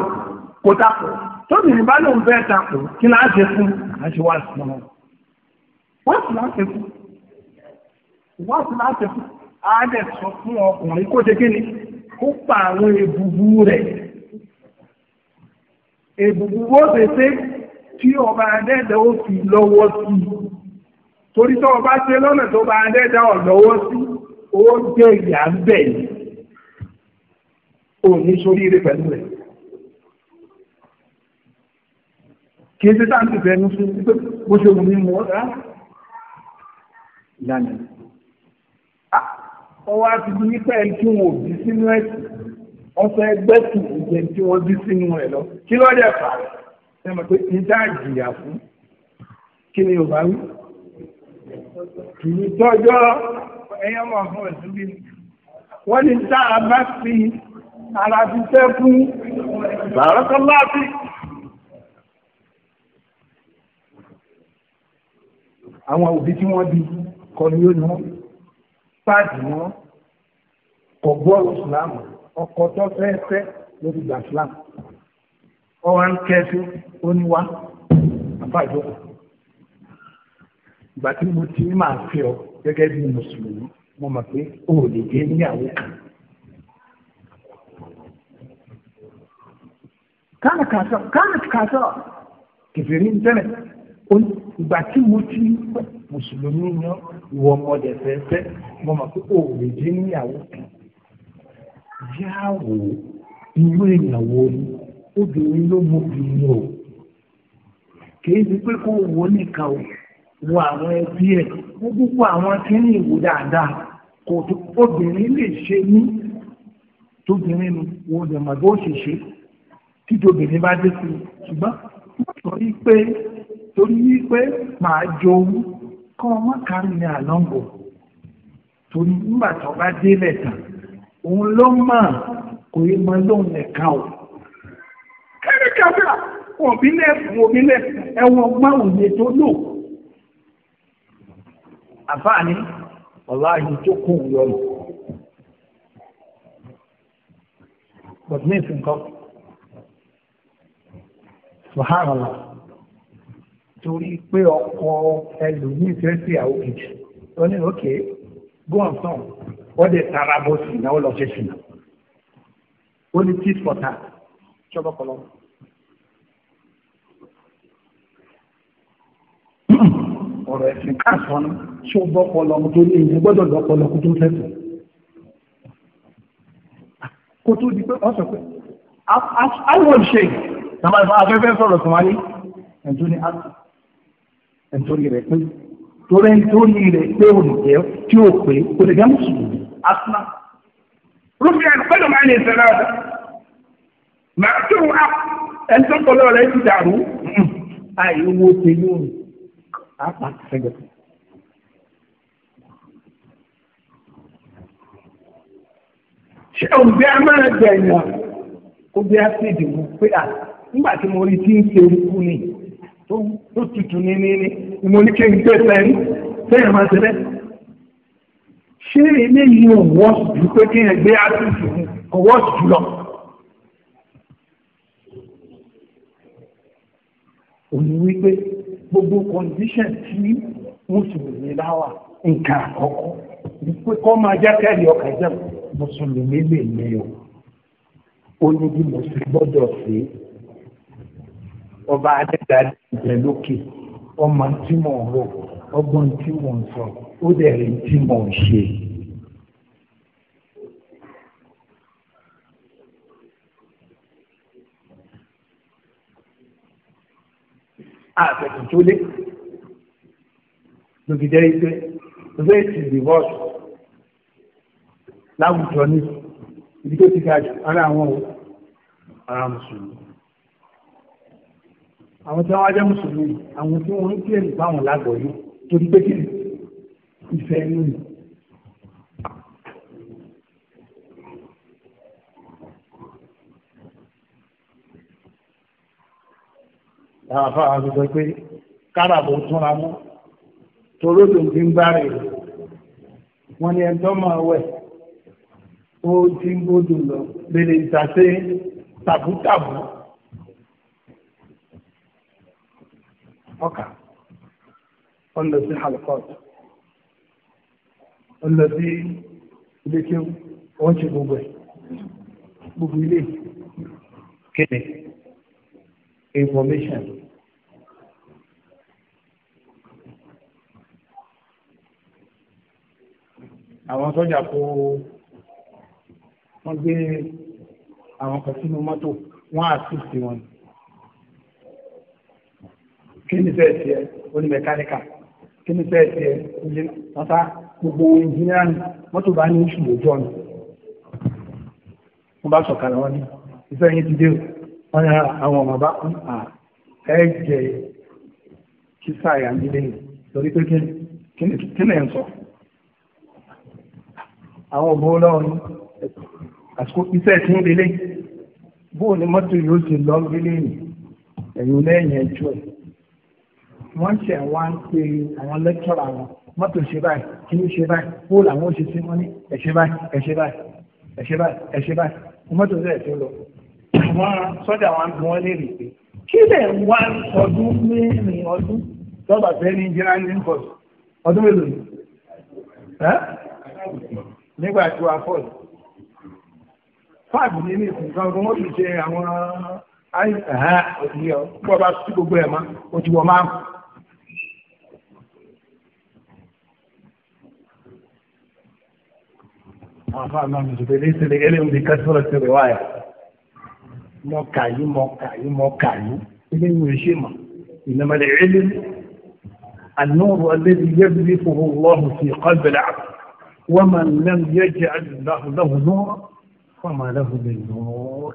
kó takò tóbi ní bá lóun fẹ́ takò kí láá ṣe fún àṣewà Islam wáàtí láti fún wáàtí láti fún àádẹ́ sọ fún ọkùnrin kó ṣe kíni kó pa àwọn èbùbù rẹ̀ èbùbù wọ́n ṣe ṣe tí ọba adẹ́dẹ́ ó fi lọ́wọ́ sí i torí tó ọba ṣe lọ́nà tó ọba adẹ́dẹ́ ọ̀ lọ́wọ́ sí ó jẹ́ ìyá ń bẹ̀ yìí ò ní sórí ire pẹ̀lú rẹ̀. kì í ṣe táǹtì fẹ́ ní fún bó ṣe wù mí mọ́ rárá lánàá. ọwọ́ àti bí nípa ẹni tí wọn ò bí sínú ẹ̀sìn ọ̀sán ẹgbẹ́ tù ìjẹ́ tí wọ́n bí sínú ẹ̀ lọ kí ló dé fà á ṣe mọ̀ pé ìjà ìjìyà fún kí ni yorùbá wí. ìtọ́jọ́ ẹ̀yán máa fún ẹ̀sùn bí wọ́n ní tá a bá fi ara fi fẹ́ fún bàrákọ́láàfin. àwọn òbí tí wọ́n bí. ọkọ ni ó ní wọn páàdì ni wọn sùlámù ọkọ tó fẹ́ lórí ìgbà sùlámù ọwọ́ ń kẹ́sí ó ní ìgbà tí mo ọ gẹ́gẹ́ bí mùsùlùmí mo ìgbà tí mo ti mùsùlùmí yan ìwọ ọmọdé fẹ́fẹ́ mo mọ̀ pé òòrè jẹ́ níyàwó kan yáàwó irú ìyàwó ni obìnrin ló mú obìnrin o kìí ṣe pé kó wo nìkan o wo àwọn ẹbí ẹ wo gbogbo àwọn kìíní ìwò dáadáa kò tó obìnrin lè ṣe ní tóbìnrin nu wo lè mọ̀ bó ṣe ṣe títí obìnrin bá dé sí i ṣùgbọ́n wọ́n sọ yí pé torí wípé màá jowú kọ́ ọmọ kárí ní àlọ́ngò torí nígbà tó bá délẹ̀ tán òun ló mọ̀ kò yẹ mọ lóun nìkan o. kẹ́rì kábíà òbílẹ̀ òbílẹ̀ ẹ̀wọ̀n gbọ́n òye tó lò. àfààní tó kù subhanallah. torí pé ọkọ ẹlòmíì fẹ́ sí àwọn kejì ó ní òkè gbọ́ǹsán wọ́n dẹ̀ tara bó sì náà ó lọ ṣe sì náà ó ní tit for tat ṣọ́bọ̀ kọlọ́. ọ̀rọ̀ ẹ̀sìn káàsán ni ṣọ́bọ̀ kọlọ́ tó ní ìyẹn gbọ́dọ̀ lọ́pọlọ kó tó fẹ́ sùn. kó tó di pé wọ́n sọ pé àwọn ṣe ìgbà máa ń fa afẹ́fẹ́ sọ̀rọ̀ sùn wáyé ẹ̀ tó ní àtúntò nítorí rẹ̀ pé torí nítorí rẹ̀ pé olùjẹ́ tí ó pé olùjẹ́ mùsùlùmí asúná. rúfin àgbẹ̀dọ̀ máa lè sẹ́lá ọ̀dà màá tó wà ẹni tó kọ́ lọ́rọ̀ rẹ̀ ti dàrú àìwò tẹ yóò rìn àpá sẹ́gbẹ̀. ṣé òǹbẹ́ a a sì dìbò pé à nígbà tí mo rí tí ń ṣe orúkú nìyí tó tutù ní ní ní mo ní kí n gbé sẹ́yìn sẹ́yìn máa ṣe bẹ́ẹ̀. ṣé eléyìí ò wọ́ọ̀sì ju pé kí n gbé àtúntò kò wọ́ọ̀sì jù lọ. òní wípé gbogbo condition tí mùsùlùmí bá wà nǹkan àkọ́kọ́ wípé kọ́ máa jẹ́ ọkà jẹ́ mùsùlùmí lè ní o ó ní bí mùsùlùmí gbọ́dọ̀ sí i ọba adẹ́ta ìjẹ́ lókè ọmọ tí mò ń rò ọgbọ́n tí mò ń sọ ó dẹ̀ rí tí mò ń ṣe. àtẹ̀tù tó lé lókè jẹ́ ipe réètì rìvọ́ọ̀sì láwùjọ ní ibi tó ti ga jù ara àwọn ọ̀rọ̀ mùsùlùmí àwọn tí wọ́n wá jẹ́ mùsùlùmí àwọn tí wọ́n ń pè ní báwọn lágbọ̀ yìí torí pé kí ìfẹ́ inú ni. àwọn afọ àwọn sọ pé káràbọ̀ túnra mú toró ló ń fi ń bá rè wọ́n ní ẹjọ́ máa wẹ̀ ó ti ń bójú lọ lè lè tàṣe tàbútàbù. ọkà ó حلقات، sí halifot ó lọ sí ilé tí wọ́n ṣe gbogbo ẹ̀ gbogbo information. àwọn sọ́jà kó wọ́n gbé àwọn kan sínú mọ́tò wọ́n á sì ni kí ni sẹ́ẹ̀ tiẹ̀ oní mẹkáníkà kí ni sẹ́ẹ̀ tiẹ̀ oní mọ́tà gbogbo ìjìnlẹ̀ mọ́tò bá ní oṣù lójú ọ̀nà wọ́n bá sọ̀kalẹ̀ wọn ní ìfẹ́ yín ti dé wọ́n yára àwọn ọmọ bá ń pa ẹ̀jẹ̀ kí sáàyà ń dílé lórí pé kí ni ń sọ àwọn òbó lọ́wọ́ àsìkò iṣẹ́ tí ń délé bóò ni mọ́tò yóò ti lọ délé ẹ̀yìn lẹ́yìn ẹjọ́ ẹ̀ wọ́n ṣẹ̀ wá ń pe àwọn lẹ́kítọ́rà wọn mọ́tò ṣe báyìí kí ṣe báyìí kó làwọn ó ṣe sí wọn ní ẹ̀ṣẹ̀ báyìí ẹ̀ṣẹ̀ báyìí ẹ̀ṣẹ̀ báyìí ẹ̀ṣẹ̀ báyìí mọ́tò rẹ̀ tó lọ. àwọn sọ́jà wa ń bi wọ́n léèrè pé kí lè wá ọdún mẹ́rin ọdún tọ́ba fẹ́ ní geraldine ford ọdún mélòó ni nígbà tí wàá fọ́ọ̀lù fáàbù ní ní ìkùnkan ọdún wọ́n ṣe àwọn àìsàn ọ̀ àfáà máa mi ṣùgbọ́n léṣe lè ẹlẹ́yìn bí kásọ̀rọ̀ ti rẹ̀ wáyà mọ kàyí mọ kàyí mọ kàyí eléyìn ò ṣe mọ̀ ìnàmọ̀lẹ̀ ẹlẹ́yìn النور الذي يبلفه الله في قلب العبد ومن لم يجعل الله له نورا فما له من نور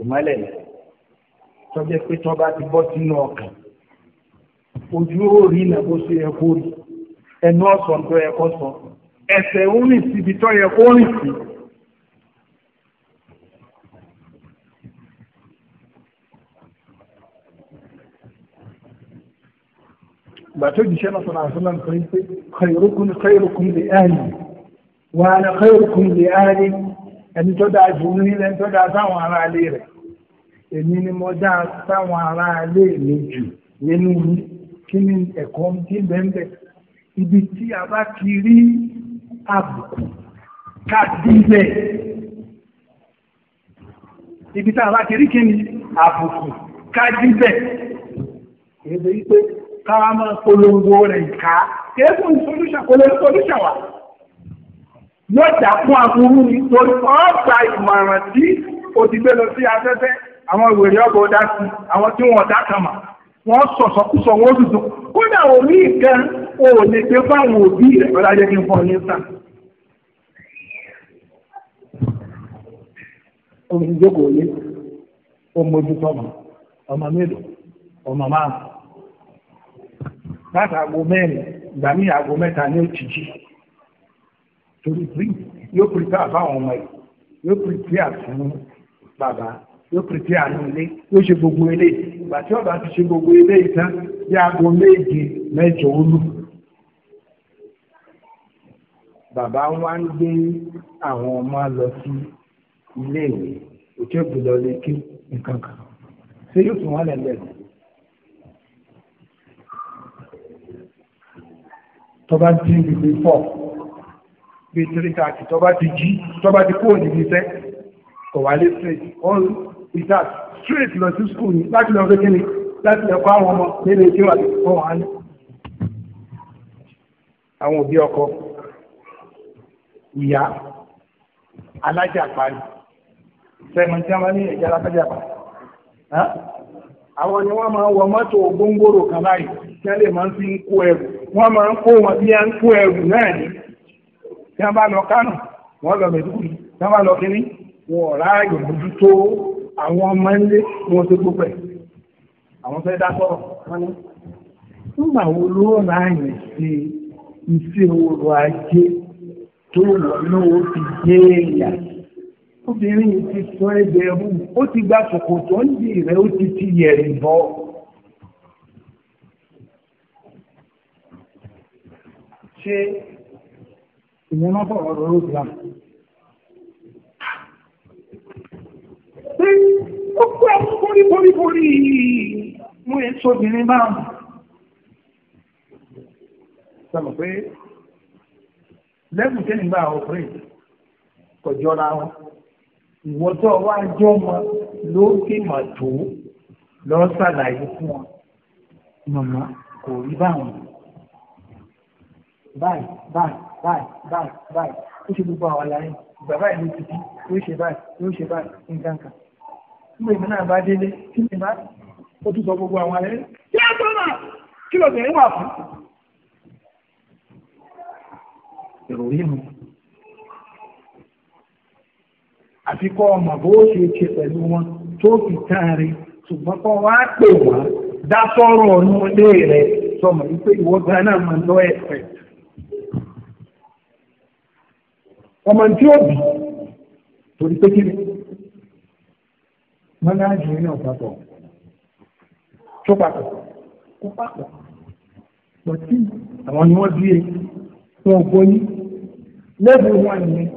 ìmọ́lẹ̀ yìí tó jẹ́ pé tó bá ti bọ́ sínú ọkàn ojú ó rí ìnàbó sí ẹkú rí ẹnu ọ̀sán tó ẹkọ́ sọ ẹsẹ̀ ó rìn síbi tó yẹ kó rìn sí. ìgbà tó jìṣẹ́ náà sọ̀rọ̀ àṣọ náà sọ̀rọ̀ pé khairukum khairukum li ahli wa ana khairukum li ahli ẹni tó dáa jù ní ilẹ̀ tó dáa sáwọn ará ilé rẹ̀ èmi ni mo dáa sáwọn ará ilé mi jù nínú mi kí ni ẹ̀kọ́ tí bẹ́ẹ̀ bẹ́ẹ̀ ibi tí a bá ti rí àbùkù kàdílẹ̀ ibi tá a bá ti rí kí ni àbùkù kàdílẹ̀ èdè wípé káwá máa polongo rẹ̀ ìka kéékùn solúṣà polongo solúṣà wà yóò jà fún aburú ni torí ọgbà ìmọ̀ràn tí o ti gbé lọ sí afẹ́fẹ́ àwọn ìwèrè ọgbà ọ̀dà sí àwọn tí wọn ọ̀dà kàmà wọn sọ̀sọ̀kúsọ̀ wọn dùdù kódà òmíì gan o ò lè gbé fáwọn òbí rẹ̀ ọ̀dà jẹ́ kí n fọ́ ní sàn. omi jókòó lé omojútọ́ mọ́ ọmọ mélòó ọmọ márùn-ún láti aago mẹ́rin ìgbà ní aago mẹ́ta ní òjijì torí pé yóò pèsè àfáwọn ọmọ yìí yóò pèsè àfún bàbá yóò pèsè àánú ilé yóò ṣe gbogbo ilé ìgbà tí ọba ti ṣe gbogbo ilé yìí tán bí aago méje mẹ́jọ olú bàbá wa ń gbé àwọn ọmọ lọ sí iléèwé òjò ìbùdó lè kí nǹkan kan ṣé yóò tún wọn lẹ bẹ́ẹ̀ tọba ti ń gbègbè fọ bí tírí káàkì tọba ti jí tọba ti kúrò níbi iṣẹ́ kò wá lé straight all without straight lọ sí school ni láti lọ fẹ́ kíni láti lọ kọ́ àwọn ọmọ nínú ìṣe wà lóko fún wọn. àwọn òbí ọkọ ìyá alájà parí sẹ́mọ̀ tí wọ́n ní ẹ̀jẹ̀ alápẹ́jàpá. àwọn ni wọ́n máa ń wọ mọ́tò gbóngbòrò kan báyìí tí wọ́n lè máa ń fi kó ẹrù wọ́n máa ń kó wọn bí wọ́n kó ẹrù náà ni tí wọ́n bá lọ Kánò wọ́n lọ Mẹ́dúgùrì tí wọ́n bá lọ kínní wọ́n ráàyè mójútó àwọn ọmọ ilé wọn tó gbogbo ẹ̀ àwọn fẹ́ dá sọ̀rọ̀ wọn ni nígbà wo ló ráàyè sí iṣẹ́ orò ajé tó wọ́n náà ó dé èèyàn obìnrin ti sọ ẹgbẹ̀rún ó ti gba ṣòkòtò ń dì rẹ̀ ó ti ti yẹ̀rì bọ́. ṣé ìyẹn náà bọ̀ ọ̀rọ̀ ló gbà. pé ó kú ẹkún boríboríborí mú èso obìnrin máa mú. sọ̀rọ̀ pé lẹ́gùn tẹ́lẹ̀ ń bá ọkùnrin kò jọra wọn ìwọ́tọ̀ wá jọ́ mọ ló fi mà tó lọ ṣàlàyé fún wọn màmá kò rí báwọn báyìí báyìí báyìí báyìí ó ṣe gbogbo àwọn aláyẹ ìgbà báyìí ló ti di yóò ṣe báyìí yóò ṣe báyìí nǹkan kan nígbà ìmọ̀ náà bá délé kí ni bá ó tún sọ gbogbo àwọn aláyẹ kí ló tó náà kí ló tẹ̀yìn wà fún. èrò yìí mu. àfi kọ́ ọmọ bó ṣe ṣe pẹ̀lú wọn tó fi tán ṣùgbọ́n kọ́ wá pè wọ́n dá sọ́rọ̀ ọ̀nù ilé rẹ̀ sọmọ wípé ìwọ gan náà máa ń lọ ẹ̀fẹ̀. ọmọ tí ó bì torí pé kí ni wọ́n náà jù ní ọ̀pápọ̀ tó papọ̀ kó papọ̀ pọ̀ sí àwọn ni wọ́n bí e wọn ò bóyí lẹ́bùn wọn nìyẹn.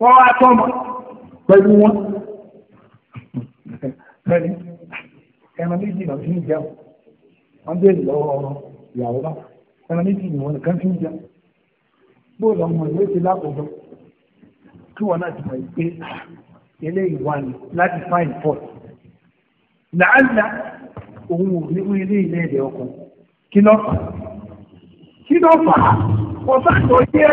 wọ́n wá tọ́mọ pẹ̀lú wọn. Bẹ́ẹ̀ni, ẹran méjì náà fi ń jẹun. Wọ́n bèèrè lọ́wọ́ ọ̀rọ̀ ìyàwó bá. Ẹran méjì ni wọ́n nìkan fi ń jẹun. Bóòlù ọmọ ìwé ti lákòókò. Kí wọ́n náà ti mọ̀ pé ah, eléyìí wà ní láti fáìn port. Làálà òun ò ní wọ́n ilé ilé ẹ̀dẹ̀ ọkọ̀. Kí ló fà? Kí ló fà? Ọ̀sán tó yẹ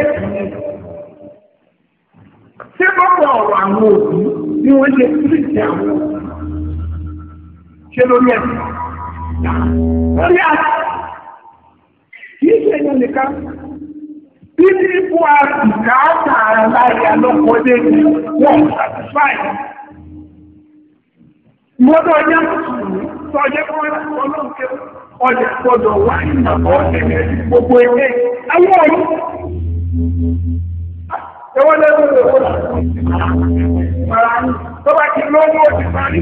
ṣé bọ́pọ̀ ọ̀rọ̀ àwọn òbí ni wọ́n ṣe kírísì àwọn ṣe lórí ẹ̀ lórí àti kìí ṣe èèyàn nìkan bí ní fún àtìká tààrà láyé alọ́kọ̀ọ́dé ni wọ́n satisfy mọ́tò ọjà tó ọjà kọ́ ọlọ́run nke ọjà gbọdọ̀ wá gbogbo ẹgbẹ́ tó bá ti lówó òdì parí.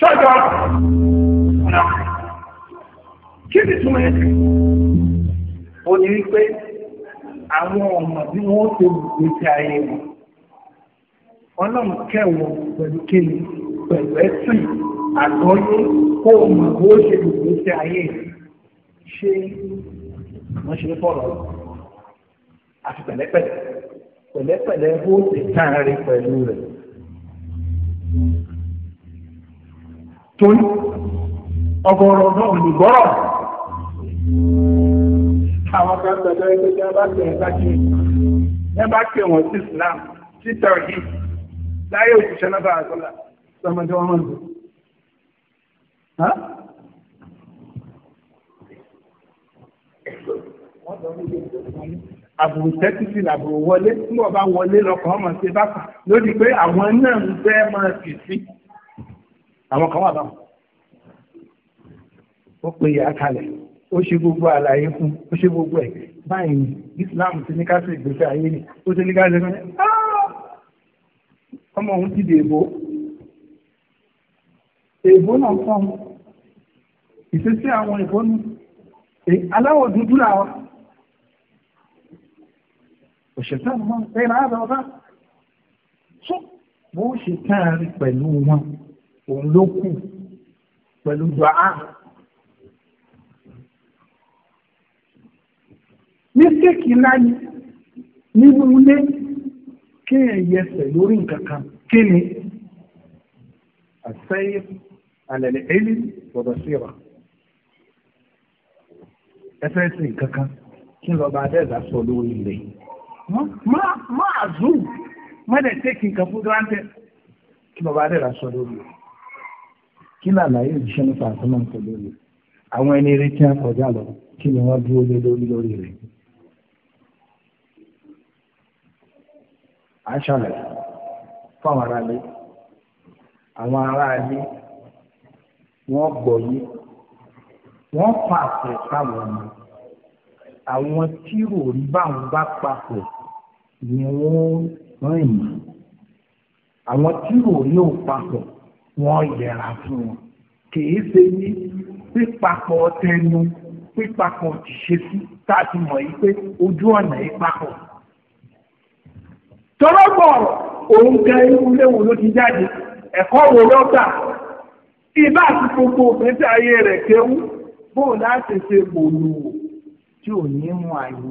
sọ́jọ́ kí ni túmọ̀ ẹ̀ ó ní wípé àwọn ọmọ bí wọ́n ṣe gbèsè ayé wọn ọlọ́run kẹwọn pẹ̀lú kíni pẹ̀lú ẹ̀sìn àgbọ́yé kó o mọ̀ bó ṣe gbèsè ayé ṣe wọ́n ṣe fọ̀rọ̀ àti pẹ̀lẹ́pẹ̀lẹ́ pẹ̀lẹ́pẹ̀lẹ́ bó ṣe tán rí pẹ̀lú rẹ̀. torí ọgọ́rọ̀ náà ò ní gbọ́rọ̀. àwọn kan gbẹ̀dọ̀ ẹgbẹ́ tí a bá tẹ̀ ẹ́ bá kí ẹ bá pè wọ́n sí Islam sí tẹ̀rí láyé òṣìṣẹ́ náà bá a sọ́la sọmọdé wọn mọ̀ ní. àbùrù tẹ́tìtì làbùrù wọlé tí wọ́n bá wọlé lọ́kàn ọmọ ṣe bá kà lórí pé àwọn náà ń fẹ́ máa fì sí àwọn kan wà báwọn. ó pe ìyá kalẹ̀ ó ṣe gbogbo àlàyé fún ó ṣe gbogbo ẹ̀ báyìí Islam ti ní ká sí ìgbésẹ̀ ayé ni ó ti ní ká ṣe fún ah! ọmọ òun ti dèbò èbó náà fọ́n ìṣesí àwọn ìbónú aláwọ̀ dúdú làwọn. والشيطان هم بين هذا وذاك so bó ṣe káàárín pẹ̀lú wọn òun ló kù pẹ̀lú dùá. mísíkì ńlá ni nínú ilé kéèyàn yẹsẹ̀ lórí nǹkan kan kí ni àṣẹyẹ àlẹ̀lẹ̀ ẹ̀lì gbọdọ̀ síra ẹ fẹ́ sin nǹkan kan kí n lọ́ba adẹ́gbà sọ lórí ilẹ̀ yìí máa zù mọ́dẹ̀ tẹ́kì nǹkan fún gírántẹ́ kí bàbá rẹ̀ rà sọ lórí kí làlàyé òjíṣẹ́ nípa àtúnmọ̀ nǹkan lórí àwọn ẹni eré tí a kọjá lọ kí ni wọ́n dúró lé lórí lórí rẹ̀. a ṣàlàyé fáwọn aráalé àwọn aráalé wọ́n gbọ́ yé wọ́n pàṣẹ fáwọn ọmọ àwọn tí ròrí báwọn bá papọ̀ ni wọ́n rìn mọ́ àwọn tí ròrí ò papọ̀ wọ́n yẹra fún wọn kìí ṣe ní pípapọ̀ tẹnu pípapọ̀ tìṣesí tá a ti mọ̀ yìí pé ojú ọ̀nà yìí papọ̀ tọ́lọ́gbọ̀ òun gan irú léwu ló ti jáde ẹ̀kọ́ wo ló gbà ibà àti gbogbo òfin tí ayé rẹ̀ kéwú bóun láti ṣe gbòòlù wò. tí ò ní mu àyàn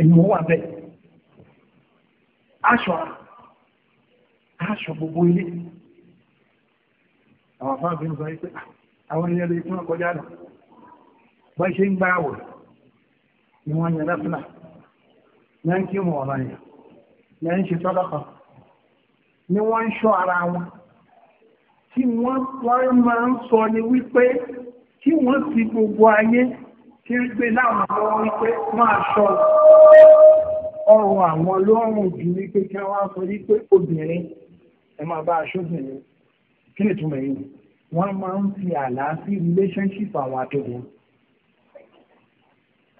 èyí wà bẹ́ẹ̀ aṣọ aṣọ gbogbo ilé àwọn afáàfin sọ pé ah, àwọn ènìyàn lè tún ọkọjá lọ bá ṣe ń gbá àwọ̀ ni wọ́n yẹn lẹ́fúnà ní wọ́n kí wọn ní ń tí wọ́n wọ́n máa ń sọ ni wípé kí wọ́n ti gbogbo ayé tí ń gbé láwọn ọmọ wípé máa ṣọ́ ọrùn àwọn lọ́rùn jù wípé kí wọ́n sọ wípé obìnrin ẹ máa bá aṣọ obìnrin kí lè túmọ̀ yìí wọ́n máa ń fi àlàáfí relationship àwọn àtọ́gbọ́n.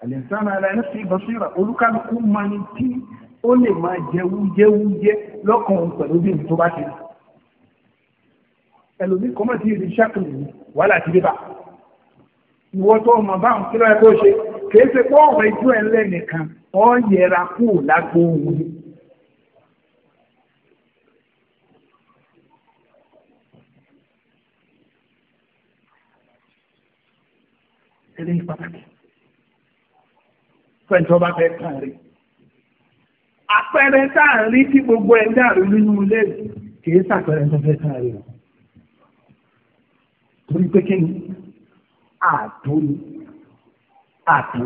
àlẹ́sánà aláìní sí ìbọ̀síra olúkálùkù máa ní tí ó lè máa jẹ́wújẹ́wújẹ́ lọ́kàn pẹ̀lú bí tó bá ti rí ẹlòmí kọ́mọ̀ tí yìí di ṣẹ́kù nìyí wàhálà ti dé bá ìwọ tó ọmọ bá ń kíra ẹgbẹ́ ṣe kì í ṣe pé ọ̀rọ̀ ìjú ẹ̀ lẹ́nìkan ọ yẹra kú lágbo òun. eléyìí pàtàkì fẹ́jọba fẹ́ kàn rí àpẹẹrẹ tá à ń rí tí gbogbo ẹ̀ dàrú nínú ilé kì í ṣàpẹẹrẹ tó fẹ́ kàn rí o torí pé kéwì àtò ni àtò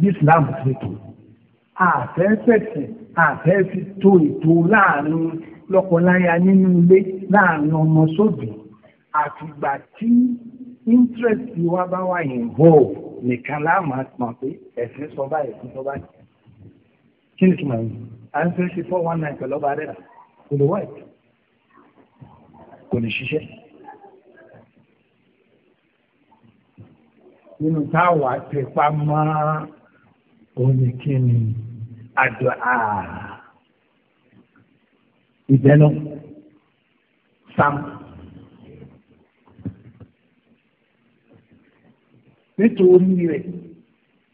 bí Islam ṣe tó àfẹ́fẹ́sì àfẹ́fì tó ètò láàrin lọ́kọláya nínú ilé láàrin ọmọ sódì àtìgbà tí interest wa bá wà involve nìkan láàmú àtìmọ̀ pé ẹ̀sìn sọ báyìí ẹ̀sìn sọ báyìí kí ni tìmọ̀ yìí à fẹ́ ṣe four one nine pẹ̀lú ọba rẹ̀ kò lè wáyé kò lè ṣiṣẹ́. nínú táwa tẹpá mọ́ oníkíni àdúà ìbẹ́nu sam. nítorí rẹ̀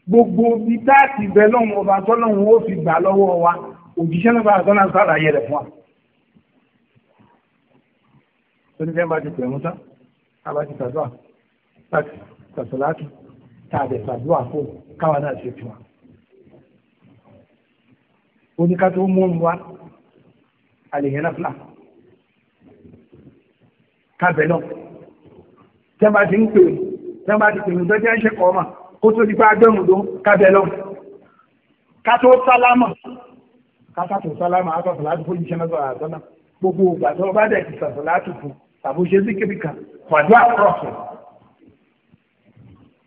gbogbo ibi tá a ti bẹ lọ́wọ́ ọba tọ́lọ́wọ́ ó fi gbà lọ́wọ́ wa òjíṣẹ́ náà bá a tọ́lá sàlàyé rẹ̀ fún wa. tó ní fẹ́ bá ti pẹ̀lú tán a bá ti tàdúrà láti kàṣọláàtù tá a dẹ̀ ṣàdúrà fún káwa náà ṣe tiwa. oníká tó mú un wá àlèyàn náà fúlà kábẹ̀ náà tí wọ́n bá ti ń pè é tí wọ́n bá ti pè é lọ́jọ́ ẹ̀ṣẹ̀ kọ́ ọmọ kó tó di pé agbẹ́rùn ló kábẹ̀ náà ká tó sálámà ká tó sálámà á sọ̀tọ̀ láti fóyí iṣẹ́ mẹ́sàn-án gbogbo ìgbà tó bá dẹ̀ ti sọ̀tọ̀ láti fún tàbí ṣe sí kébìkan pàdé àkọ́ọ̀sọ̀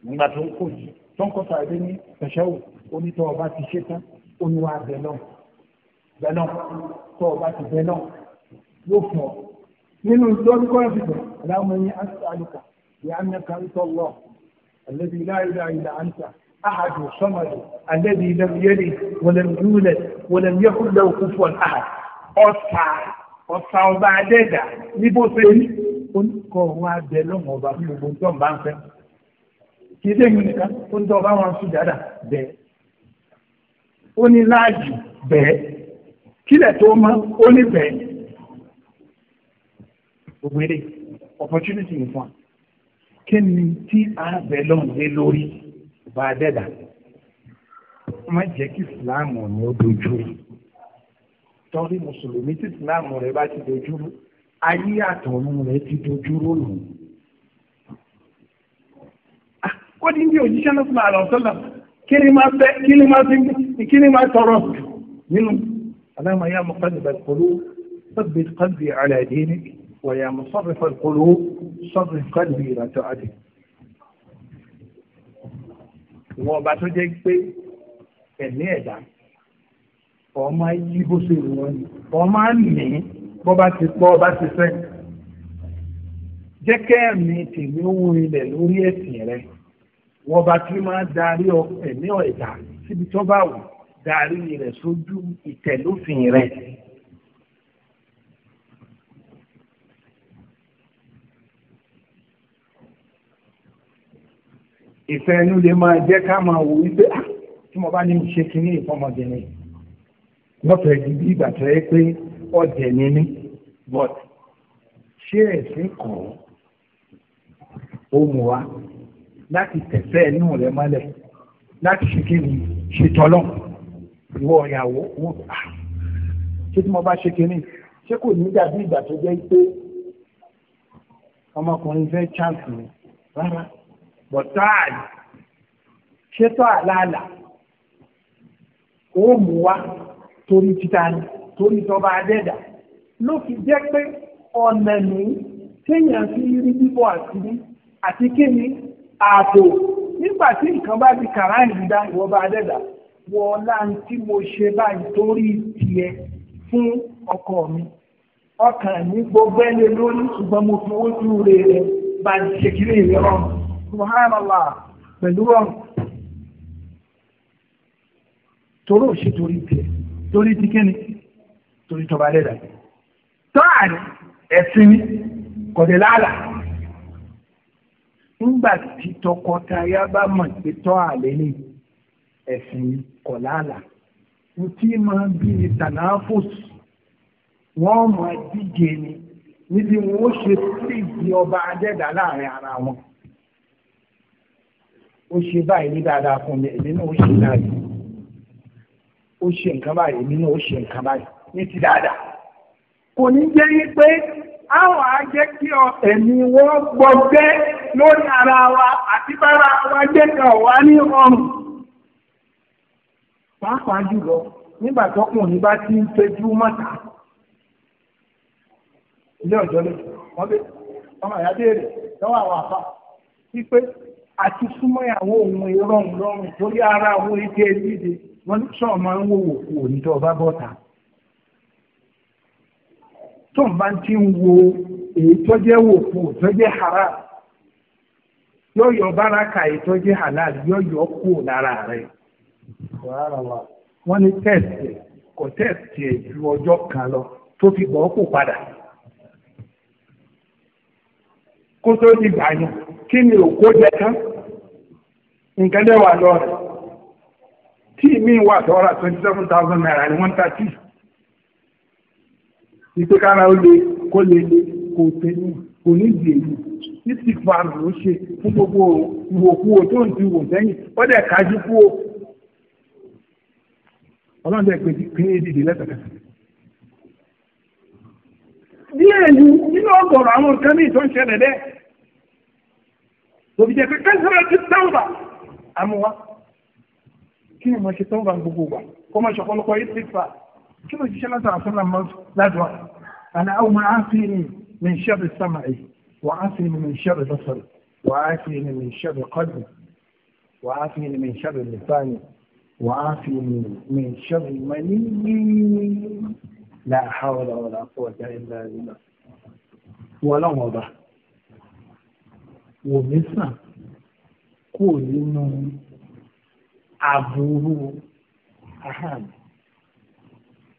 nígbà tó ń kò jù tó ń kọ́ sàrẹ́dẹ́ ní pẹ̀ṣẹ́wò onítọ̀ ọba ti ṣe tán oníwà bẹ̀lọ̀ bẹ̀lọ̀ tọ̀ ọba ti bẹ̀lọ̀ yóò fún ọ. nínú lórí kọ́ ẹ̀sìn bẹ̀ aláwọ̀ ẹ̀yìn asàlùkà ìyá mẹ́ka ń tọ́ lọ alẹ́bí láìlá ìlà àǹtà أحد صمد الذي لم يلد ولم يولد ولم يكن له كفوا أحد ọ̀sà ọ̀sà ọba adẹ́dà níbo ṣe ní. ó ní kọ́ kì í sẹ́yìn nìkan ó ń tọ́ bá wọn sùn dáadáa bẹ́ẹ̀ ó ní láàjù bẹ́ẹ̀ kílẹ̀ tó mọ́ ó ní bẹ́ẹ̀ gbogbo eré opportunity nìkan wa kí ni tí a bẹ̀ lọ́n lé lórí bá a dẹ́dà má jẹ́ kí ìsìláàmù ni ó dojú rí torí mùsùlùmí tí ìsìláàmù rẹ̀ bá ti dojú rú ayé àtọ̀run rẹ̀ ti dojú rú nù ó ní bí òjíṣẹ́ náà fún àrọ̀ sọ́là kí ni máa fẹ́ kí ni máa fi kí ni máa tọrọ nínú aláma yá mọ̀ kọ́ni bẹ́ẹ̀ kọ́ló sọ́bì kọ́bì àlẹ́ ìdíní wọ̀yà mọ̀ sọ́bì kọ́ló sọ́bì kọ́bì ìrọ̀tọ́ àdì. ìwọ̀n ọba tó jẹ́ pé ẹ̀mí ẹ̀dá ọmọ yí bó ṣe rù wọ́n ni ọmọ nì bọ́ba ti pọ́ ọba ti fẹ́ jẹ́ kẹ́ẹ̀mí tèmi ó wù ilẹ̀ lórí ẹ̀sìn rẹ̀ wọ́n bá tí máa darí ẹ̀mí ẹ̀dá síbi tó bá wù darí rẹ̀ sójú ìtẹ̀lófin rẹ̀. ìfẹ́ inú lè máa jẹ́ ká máa wò wípé ah tí mo bá ní mo ṣe kinní ìfọmọbìnrin lọ́fẹ̀ẹ́ di bí ìgbà tó yẹ pé ọ̀dẹ̀ ni mí but ṣé ẹ̀sìn kàn ó mú wa láti tẹ̀fẹ́ inú rẹ̀ mọ́lẹ̀ láti ṣe kíni ṣe tọ́lọ̀ ìwọ ìyàwó wọn à ah, ṣé tí mo bá ṣe kíni ṣé kò ní dàbí ìgbà tó jẹ́ pé ọmọkùnrin fẹ́ chance mi rárá bọ̀tá àlè ṣètò àlàálà ó mú wa torí títa ni torí tọba adẹ́dà ló fi jẹ́ pé ọ̀nà ní téèyàn fi rí bíbọ̀ àti àti kíni ààbò nígbà tí nǹkan bá di kàráìnì dá ìwọ bá dẹ́dà wọ ọlá tí mo ṣe báyìí torí tiẹ̀ fún ọkọ mi ọkàn mi gbogbo ẹni lórí ṣùgbọ́n mo fi owó tí ó rè rẹ bá ti ṣe kiri ìrẹ rọrùn subhanallah pẹ̀lú rọrùn torí òṣè torí tiẹ̀ torí ti kíni torí tọba dẹ́dà tọ́ àrí ẹ̀sìn kọ̀dẹ̀ lálàá ńgbà tí tọkọtaya bá mọ̀ pé tọ́ àlẹ́ ní ẹ̀sìn kọ̀láàlà ní tí máa bí tanafus wọ́n máa díje ni níbi wọn ó ṣe síbi ọba adẹ́dà láàrin ara wọn ó ṣe báyìí dáadáa fún mi èmi náà ó ṣe dáadáa ó ṣe nǹkan báyìí èmi náà ó ṣe nǹkan báyìí ní ti dáadáa kò ní jẹ́ yí pé àwọn á ki kí ẹ̀mí wọ́n gbọgbẹ́ lórí ara wa àti bára wa jẹ́ kan wá ní ọrùn. pàápàá jùlọ nígbà tọkùnrin bá ti ń fẹjú mọ́ta ilé ọ̀jọ́ lé wọ́n bẹ ọmọ ìyá béèrè lọ́wọ́ àwọn àfa wípé àti súnmọ́ ìyàwó òun ìrọ̀rùn lọ́rùn torí ara òun ìdí ẹ̀dídé wọ́n sọ̀rọ̀ máa ń òní tó ń bá ti ń wo èyí tó jẹ́ wòkú tó jẹ́ haram yóò yọ báraka èyí tó jẹ́ halal yóò yọ kú lára rẹ̀. wọ́n ní tẹ́ẹ̀sì kò tẹ́ẹ̀sì ẹ̀ ju ọjọ́ kan lọ tó fi bọ̀ ọ́ kò padà. kó tó di gbàyàn kí ni òkú jẹ tán nǹkan dẹ́wà lọ rẹ̀ tí mi wà tọ́ra twenty seven thousand naira ni wọ́n ń ìpè kára ó le kó le kò tẹ̀lé kò ní ìdí èyí títí farò ló ṣe fún gbogbo ìwòkuwò tó ń ti wò sẹ́yìn ó dẹ̀ kájú kú o ọlọ́run dẹ̀ pé kí ní ìdíje lẹ́sẹ̀kẹsẹ̀. díẹ̀ ni nínú ọgọ̀rọ̀ àwọn nǹkan ní ìtọ́ ń ṣẹlẹ̀ dẹ́ òbí jẹ́ pé kẹ́sìrẹ́ ti tẹ́wọ̀bà àmúwá kí ni mo ṣe tẹ́wọ̀bà gbogbo wa kọ́ mọ́ ṣọ̀kọ́lọ́kọ́ yìí ti fà kí ló jíṣẹ́ lọ́sàn àṣọlá ládùá àná àwọn máa ń fi ní min sharri sam'i wà á fi ní min sharri basari wà á fi ní min sharri qalbi wà á fi ní min sharri lisani wà á fi ní min sharri maniyyi la hawla wala quwwata illa billah wọlọ́wọ́ bá wò mí sàn kúrò nínú àbúrú ahàmì.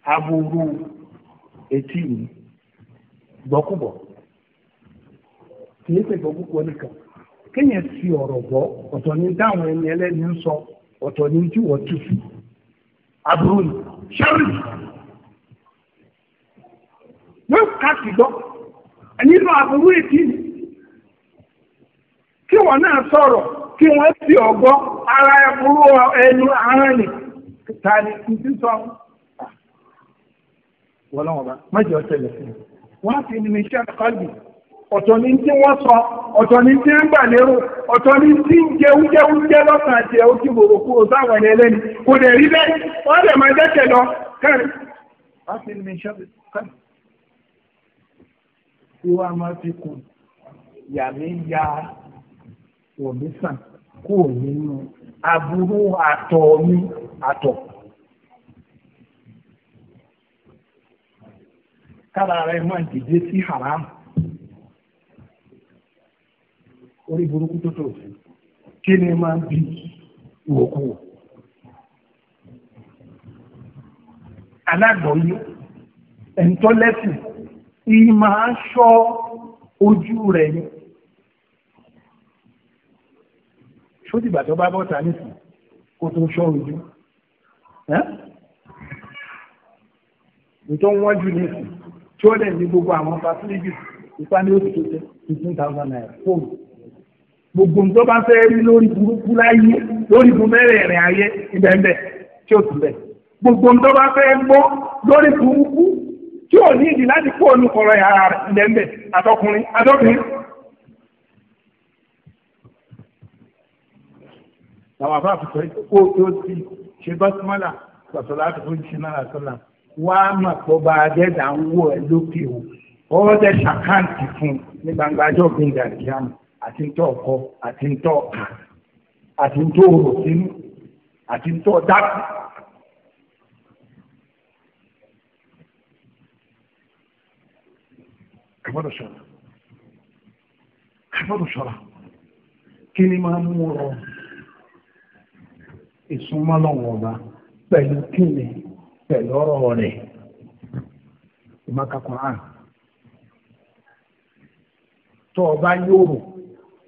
aburu etí mi gbọ́kúbọ̀ kì nìkan kéèyàn fi ọ̀rọ̀ bọ́ ọ̀tọ̀ ní táwọn ẹni ẹlẹ́ni ń sọ ọ̀tọ̀ ní tí wọ́n tù sí aburú ni káàkiri gbọ́ nínú etí mi kí náà kí wọ́n náà wà mẹ́jọ tẹ̀lé sí i wọ́n á fi ní iṣẹ́ kálí ọ̀tọ̀ ní tí wọ́n sọ ọ̀tọ̀ ní tí ń gbà lérò ọ̀tọ̀ ní tí ń jẹ oúnjẹ oúnjẹ lọ́sàn àti ẹ̀ ojú gbogbo kú ọ̀sán àwọn ẹ̀yẹ lẹ́nu kò dẹ̀ rí bẹ́ẹ̀ wọ́n dẹ̀ máa dẹ́kẹ̀ lọ kẹrin wọ́n á fi ní iṣẹ́ kálí tí wọ́n á máa fi kù yàmí ya òmísàn kúrò nínú aburú àtọ̀ mi àtọ̀. kára rẹ̀ máa dìde sí haram orí burúkú tó tó kí ni máa bí ìwòkúwò alágbọ̀nyé ẹ̀ńtọ́lẹ́sì ìyí máa ṣọ́ ojú rẹ̀ ni ṣódìgbà tó bá bọ́ta nísìn kó tó ṣọ́ ojú ẹ́ ètò wọ́n jù nísìn tí ó dẹ̀ ní gbogbo àwọn facilities ìfá ní oṣù tó tẹ fifteen thousand naira fóònù gbogbo nǹkan bá fẹ́ rí lórí burúkú láyé lórí bu mẹ́rẹ̀ẹ̀rin ayé ibẹ̀ ń bẹ̀ tí ó tún bẹ̀ gbogbo nǹkan bá fẹ́ gbọ́ lórí burúkú tí ò ní ìdí láti kó ònú kọ̀rọ̀ yàrá rẹ̀ ibẹ̀ ń bẹ̀ àtọkùnrin àtọkùnrin. làwọn afáàfù sọ pé kó o tó ti ṣe bá súnmọ́là pàṣẹ láti fún ìṣẹ́ náà sọ́là wá mọ̀ pọ̀ bá a dẹ́ta ń wò ẹ́ lókè o ọwọ́ tẹ ṣàkáǹtì fún ní gbangba ajọ́ òfin dàríyàmù àti ntọ́ ọkọ àti ntọ́ ọ̀ka àti ntọ́ òrò àti ntọ́ dákú. àgbọ̀dọ̀ ṣọ́ra àgbọ̀dọ̀ ṣọ́ra kí ni máa mú ọ ìsúnmọ́ lọ́wọ́ ọba pẹ̀lú kí ni. pẹ̀lú ọ̀rọ̀ rẹ̀ ọrụ Quran tó ọba yòrò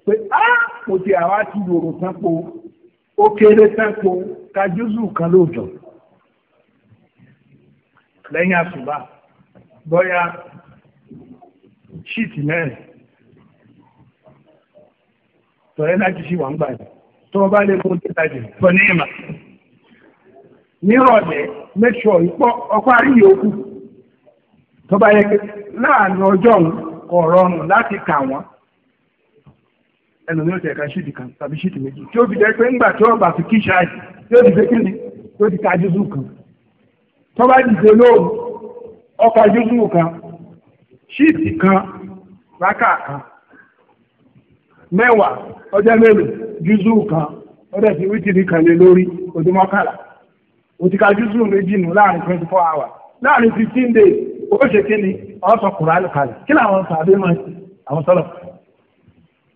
pé á mo ti àwa ti yòrò tán ó kéré tán po kan lẹ́yìn àṣùbà bóyá ṣíìtì mẹ́rin tọ̀rẹ́ náà ti ṣì wà ń gbà tó ọba lè jù fún ní ìmọ̀. nírọ̀lẹ́ make ìpọ́ ọkọ̀ àríyé tọba yẹ kí ọjọ́ kò rọrùn láti kà wọ́n ẹlòmíràn tẹ̀ka ṣíìtì kan tàbí ṣíìtì méjì tí ó fi jẹ́ pé ńgbà tí fi kí ṣáàjì tí ó ti fi kí ni tí ka jésù kan dìde lóòrùn ọkọ̀ jésù kan ṣíìtì kan rákà kan mẹ́wàá ọjọ́ mélòó jésù kan òtíkà jùsù méjì nù láàrin twenty four hours láàrin fifteen days ó ṣe kíni ọ̀sán kùránì kalẹ̀ kí làwọn sàbẹ̀ máa ṣe àwọn sọ̀rọ̀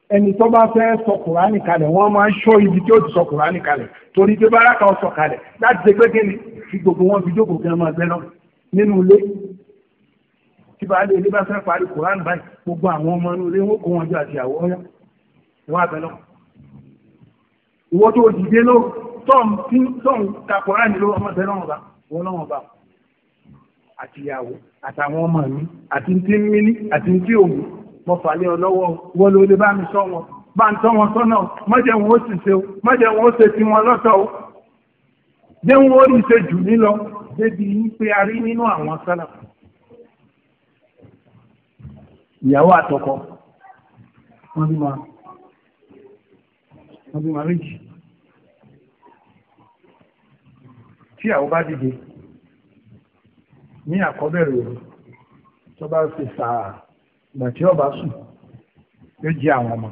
ẹni tó bá fẹ́ sọ kùránì kalẹ̀ wọ́n máa ń ṣọ́ ibi tí ó ti sọ kùránì kalẹ̀ torí pé báràkà ó sọ kalẹ̀ láti ṣe pé kíni fi gbogbo wọn fi jókòó kí wọ́n máa bẹ́ lọ nínú ilé tí bá lé ilé bá fẹ́ parí kùránì báyìí gbogbo àwọn ọmọ inú ilé wọn kó wọn jọ àti àwọ̀ ọ̀yá ìwọ́n àbẹ̀ lọ. ìwọ́n tó dìde lóhùn tọ́n kakọ̀rá nílò ọmọdé náà bá wọn náà bá àtìyàwó àtàwọn ọmọ mi àti tí ń mímí àti tí òun mo fàlẹ́ ọ lọ́wọ́ wọ́n ló lè bá mi sọ wọn bá ń tọ́ wọn sọ́nà mọ́jẹ̀ wọn ó sì ṣe o mọ́jẹ̀ wọn ó ṣe ti wọn lọ́tọ̀ o jẹ́ wọn ó rí ṣe jù mí lọ débi pé a rí nínú àwọn sálà ìyàwó àtọkọ wọn bí wọn bí ma méjì. tí àwọn bá dìde ní àkọ́bẹ̀rẹ̀ òru tó bá fi sàá ìgbà tí ọba sùn yóò jí àwọn ọmọ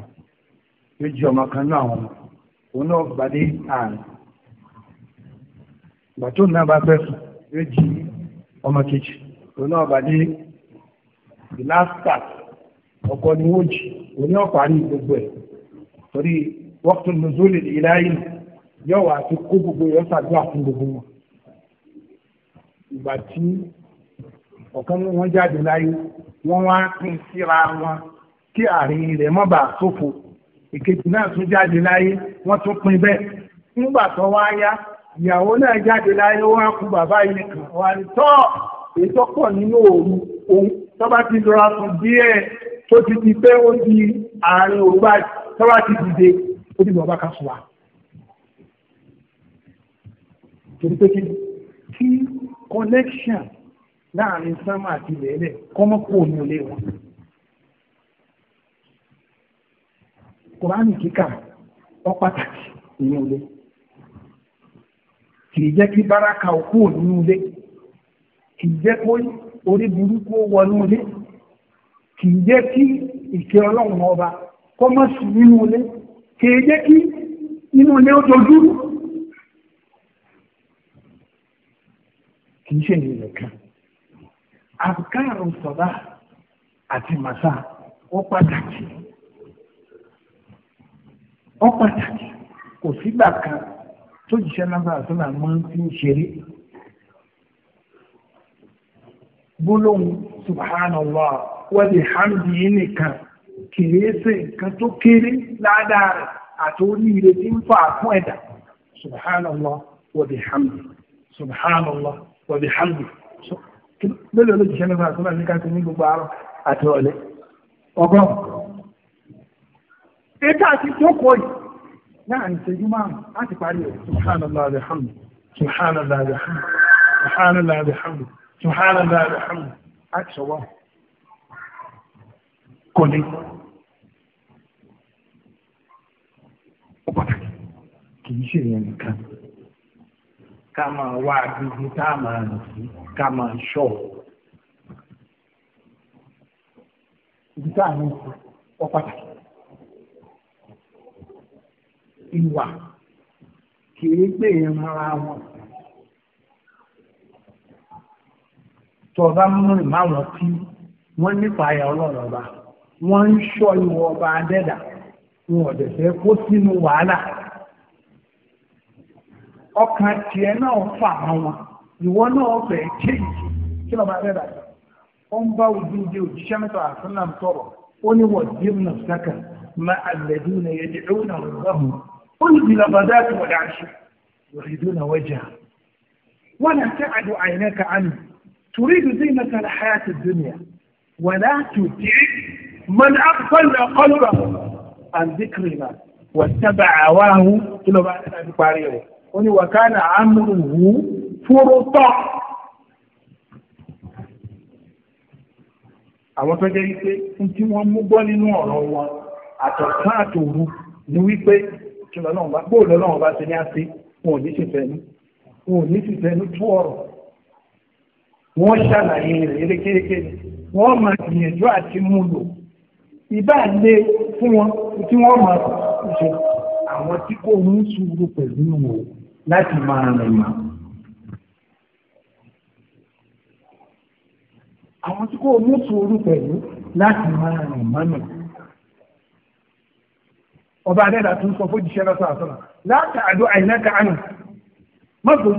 yóò jí ọmọ kan náà àwọn ọmọ òun náà gbàdé àárín ìgbà tó náà bá fẹ́ sùn yóò jí ọmọ kejì òun náà gbàdé the last part ọkọ ni wọ́n jì òun náà parí gbogbo ẹ̀ torí wọ́n tún lọ sólè ìlà yìí yóò wá sí kó gbogbo yóò ṣàdúrà fún gbogbo wọn ìgbà tí ọ̀kan wọn jáde láyé wọ́n wá pín síra wọn kí àárín rẹ̀ má bàa ṣòfò èkejì náà tún jáde láyé wọ́n tún pín bẹ́ẹ̀ nígbà tó wá yá ìyàwó náà jáde láyé wọ́n á kú bàbá yìí nìkan wà ní tọ́ èyí tó pọ̀ nínú òru òun tó bá ti lọ́ra fún díẹ̀ tó ti di pé ó di àárín òru báyìí tó bá ti dìde ó ti lọ́ọ́ bá sùn wá connection láàrin sánmà àti ilẹ̀ kọ́mọ́kò ní olè wọn. kùránì kíkà ọ pàtàkì nínú ilé kì í jẹ́ kí báràkà òkú nínú ilé kì í jẹ́ kó orí burúkú wọnú ilé kì í jẹ́ kí ìkẹ́ ọlọ́run ọba kọ́mọ́sí nínú ilé kì jẹ́ kí inú ilé ó dojú rú. kì í ṣe ìrìnlẹ̀ kan àbùkárù sọ̀dá àti o ó pàtàkì ó pàtàkì kò sígbà kan tó jíṣẹ́ lábẹ́ àtúnà subhanallah wa bihamdihi nìkan kìí nǹkan tó kéré ládàá rẹ̀ àti oníire tí ń fà ẹ̀dá subhanallah subhanallah wọ́n bí hàmdù lórí olójìṣẹ́ mẹ́fà tó bá ní káàkiri ní gbogbo àárọ̀ àti ọ̀lẹ́ ọgọ́rùn. ètò àti jókòó yìí láàrin ìṣẹ́jú márùn-ún láti parí rẹ̀ subhanallah wa bihamdu subhanallah wa bihamdu subhanallah wa bihamdu subhanallah wa bihamdu láti sọ̀wọ́ kò ní. ó pàtàkì kì í ṣe ìyẹn nìkan ká máa wá agbègbè tá a máa rìn sí ká máa ṣọ́ ibi tá a ní sí ọ pàtàkì ìwà kìí gbé yẹn mọ́ra wọn. tó o bá múrin tí wọ́n nípa ayà ọlọ́run ọba wọ́n ń ṣọ́ ìwọ ọba adẹ́dà wọn ò dẹ̀ fẹ́ kó sínú wàhálà ọkàn tiẹ̀ náà fà wọn ìwọ náà fẹ́ kéèjì kí ló máa rẹ́ra yìí ó ń bá ojú ìdí òjíṣẹ́ mẹ́ta àfúnná tọrọ ó ní wọ́n dín náà sákà máa àlẹ́dú náà yẹ di ẹ̀wọ̀n náà lọ́hùn ó ní ìlà bàdá àti wọ́n dà ṣe yòrìdú náà wẹ́jà wọ́n náà tẹ́ àdó àyìnlẹ́ ka àná torí ìdúdú iná kan láyà ti dúnìyà wọ́n náà tó tẹ́ من أغفل قلبه عن ذكرنا واتبع هواه ó ní wàkánà amúrùhù fúrútọ́ àwọn tó jẹ́ wípé tí wọ́n mú gbọ́ nínú ọ̀rọ̀ wọn àtọ̀tán àtòru ni wípé kí lọ́lọ́run bá bóòlù ọlọ́run bá ṣe ní àṣẹ wọn ò ní ṣèfẹ́nu wọn ò ní ṣèfẹ́nu tú ọ̀rọ̀ wọ́n ṣàlàyé rẹ̀ erékéréké wọ́n máa gbìyànjú àti mú lò ìbá lé fún wọn tí wọ́n máa ṣe àwọn tí kò ń sùúrù pẹ̀lú wọn. láti máa rìn mà. àwọn tí kò mú sùúrù pẹ̀lú láti máa rìn mọ́nà. ọba adẹ́dà tún sọ fún jíṣẹ́ lọ́sọ̀ àtọ́nà láti àdó àìnáka àná má ma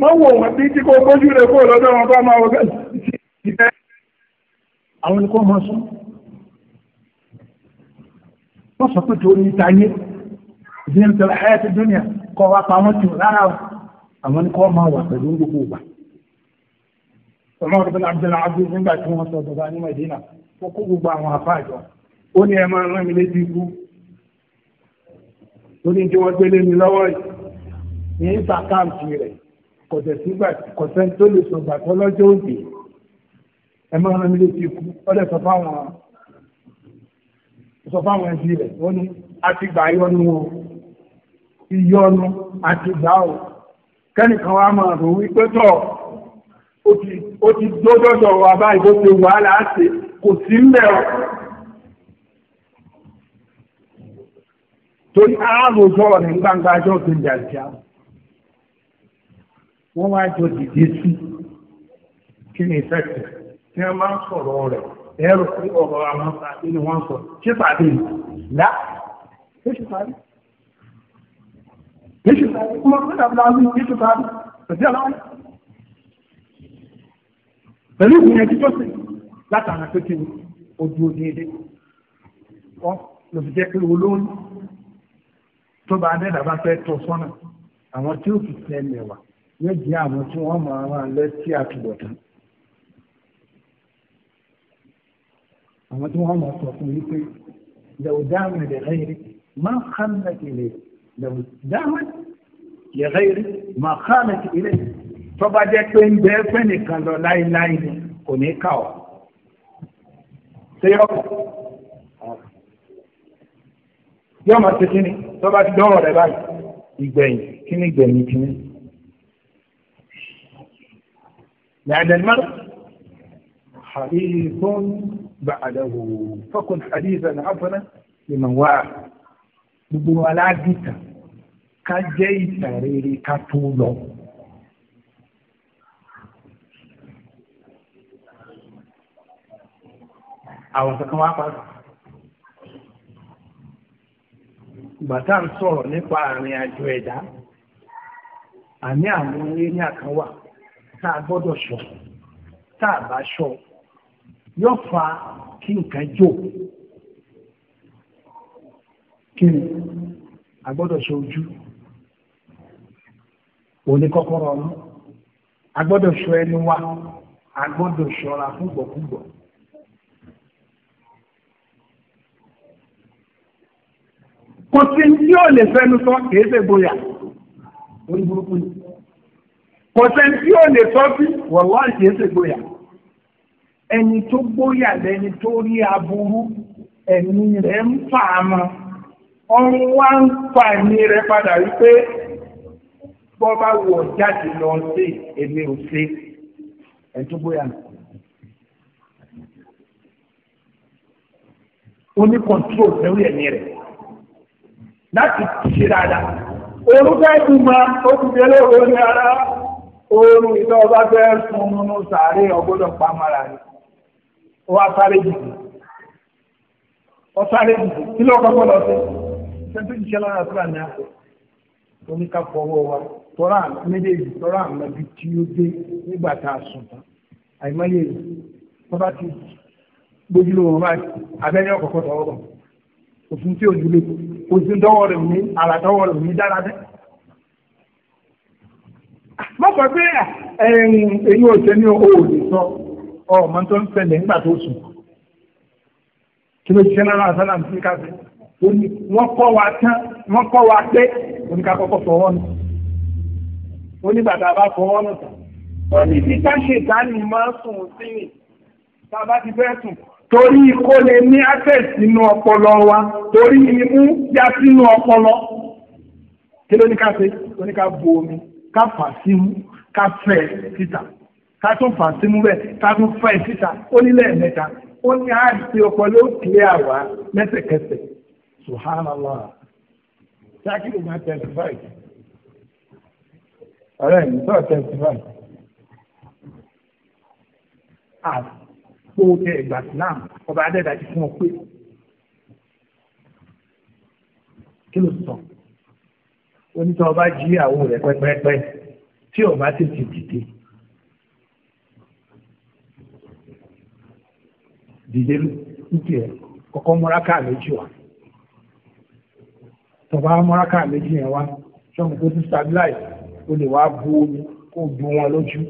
má wò wọn bí tí kò rẹ̀ kó lọ́dọ̀ wọn bá máa wọ gẹ́gẹ́ àwọn ni kò máa sún wọ́n sọ pé torí ta yé ìdíyẹn tẹ̀lé ayé ti kọ́ wa pa wọ́n tù rárá o àwọn ní kọ́ máa wà pẹ̀lú gbogbo ìgbà. Abdullahi Abdul nígbà tí wọ́n sọ ọ̀dọ̀gba ní Mẹ̀dínà kó gbogbo àwọn àfáàjọ ó ní ẹ máa rán mi létí ikú ó ní tí wọ́n gbélé mi lọ́wọ́ yìí ní sàkáǹtì rẹ̀ kò kò sẹ́ni tó lè lọ́jọ́ ìyọnu àti ìgbàwò kẹ́nìkan wa máa rò wípé tọ̀ ó ti dódọ́dọ̀ wa báyìí bó ṣe wàhálà á ṣe kò sí ń bẹ̀rù. torí aráàlójọ́ rẹ̀ ń gbangba ajọ́ tó ń jàjà wọ́n wá jọ dìde sí kí ni ìfẹ́kẹ̀ tí wọ́n máa ń sọ̀rọ̀ rẹ̀ ẹ̀rọ pé ọ̀rọ̀ àwọn sàbí ni wọ́n sọ ṣé sàbí ni lá ṣé sàbí ni yake tsari kuma kuma da abulazu yake tsari tàbí aláwọ̀ pẹ̀lú ìgbìyànjú tó sì látara pé kí ni ojú ojú ilé ọ ló fi jẹ́ pé olóyún tó bá dẹ́dà bá fẹ́ tọ́ sọ́nà àwọn tí ó fi tẹ́lẹ̀ wá yóò jẹ́ àwọn tí wọ́n máa rán alẹ́ sí àwọn tí wọ́n máa sọ fún yí pé lẹ́wọ̀dáàmì rẹ̀ lẹ́yìn máa ń kánlẹ̀ ìlẹ̀ lẹ́wọ̀n dáhùn yẹ̀rẹ́ mà kánà ilé tọ́ba jẹ́ pé ń bẹ́ẹ́ fẹ́ nìkan lọ láéláé ni kò ní kà ọ́ sẹ́yọ́ yọ́ máa ṣe kíni tọ́ba ti dánwò rẹ̀ báyìí ìgbẹ̀yìn kíni gbẹ̀yìn kíni. لأن المرء حديث بعده فكن حديثا عفنا لمن وعى gbogbo wa la dìtàn ká jẹ́ ìtàn rere ká tó lọ. àwọn kankan wá pàdé. Bàtà ń sọ̀rọ̀ nípa àrin àjò ẹ̀dá. Àní àwọn eré àkàn wà tá a gbọ́dọ̀ sọ, tá a bá sọ, yóò fa kí nǹkan jò. Kí ni a gbọ́dọ̀ sọ ojú? òní kọ́kọ́rọ́ ọ̀nà a sọ ẹnu wa a gbọ́dọ̀ ṣọ́ra kò sí tí ó lè fẹnu sọ kìí ṣe gboyà lórí burúkú ni kò sẹ́ni tí ó lè sọ sí wọ̀lọ́ kìí ṣe gboyà ẹni tó gbóyà lẹni tó rí aburú ẹ̀mí bọ́ bá wọ̀ jáde lọ sí èmi ò ṣe ẹ̀ tó bóyá nù. oní kọ̀ntrol lórí ẹ̀mí rẹ̀ láti ṣe dáadáa. Orúkọ ẹ̀dùn máa ó ti dé lóore ní ara oorun ìtọ́ ọba fẹ́ sun nínú sàárè ọgbọ́dọ̀ pamara rẹ̀. Ó wá sáré dìbò. Ó sáré dìbò. Kí ló kọ́kọ́ lọ sí? Ṣé tó ti ṣe lọ́nà sílà ní àpò? Oníkàpọ̀ ọwọ́ wa tọ́ra méjèèjì tọ́ra àmọ́bi tí ó dé nígbà tá a sùn tán àìmọye wọn bá ti gbójúlò wọn bá abẹ́rẹ́ ọ̀kọ̀ọ̀kọ̀ tọ́wọ́ bọ̀ òfin tí ò dúró òfin tọ́wọ́ rẹ̀ mí àlàtọ́wọ́ rẹ̀ mí dára dẹ́. mo kọ pé èyí ò tẹ́ ní owó òde sọ ọmọ tó ń ṣẹlẹ̀ nígbà tó sùn kí ló ṣiṣẹ́ náírà sálàmù sí káfíń wọ́n kọ́ wa tán wọ́n kọ́ wa pé oníkàkọ́kọ́ fọwọ́ ni ó ní bàtà bá fọwọ́ náà tán ó ní bí ká ṣètánì máa sùn sí ni tá a bá ti fẹ́ sùn torí kó lè ní access nínú ọpọlọ wa torí imú já sínú ọpọlọ kí ló ní ká ṣe ó ní ká bu omi ká fà símú ká fẹ́ síta ká tún fà símú bẹ́ẹ̀ ká tún fẹ́ síta ó nílẹ̀ mẹ́ta ó ní àìsí ọpọlọ ó kílẹ̀ àwa lẹ́sẹ̀kẹsẹ̀ subhanallah ṣáàkì ló máa tẹ̀síwájú ọ̀rẹ́ mi sọ̀rọ̀ tẹ̀sí báyìí. àpò ẹgbà náà ọba adẹ́dà ti fún ọ pé kí ló sọ onítọ̀ ọba jí ìyàwó rẹ̀ pẹ́pẹ́pẹ́ tí ọba tètè dìde. dìde lùkì ẹ̀ kọ́kọ́ mọ́ráká méjì wá tọ́ba mọ́ráká méjì yẹn wá sọ́mu kó tún stabilize o lè wá bu omi kó o bu wọn lójú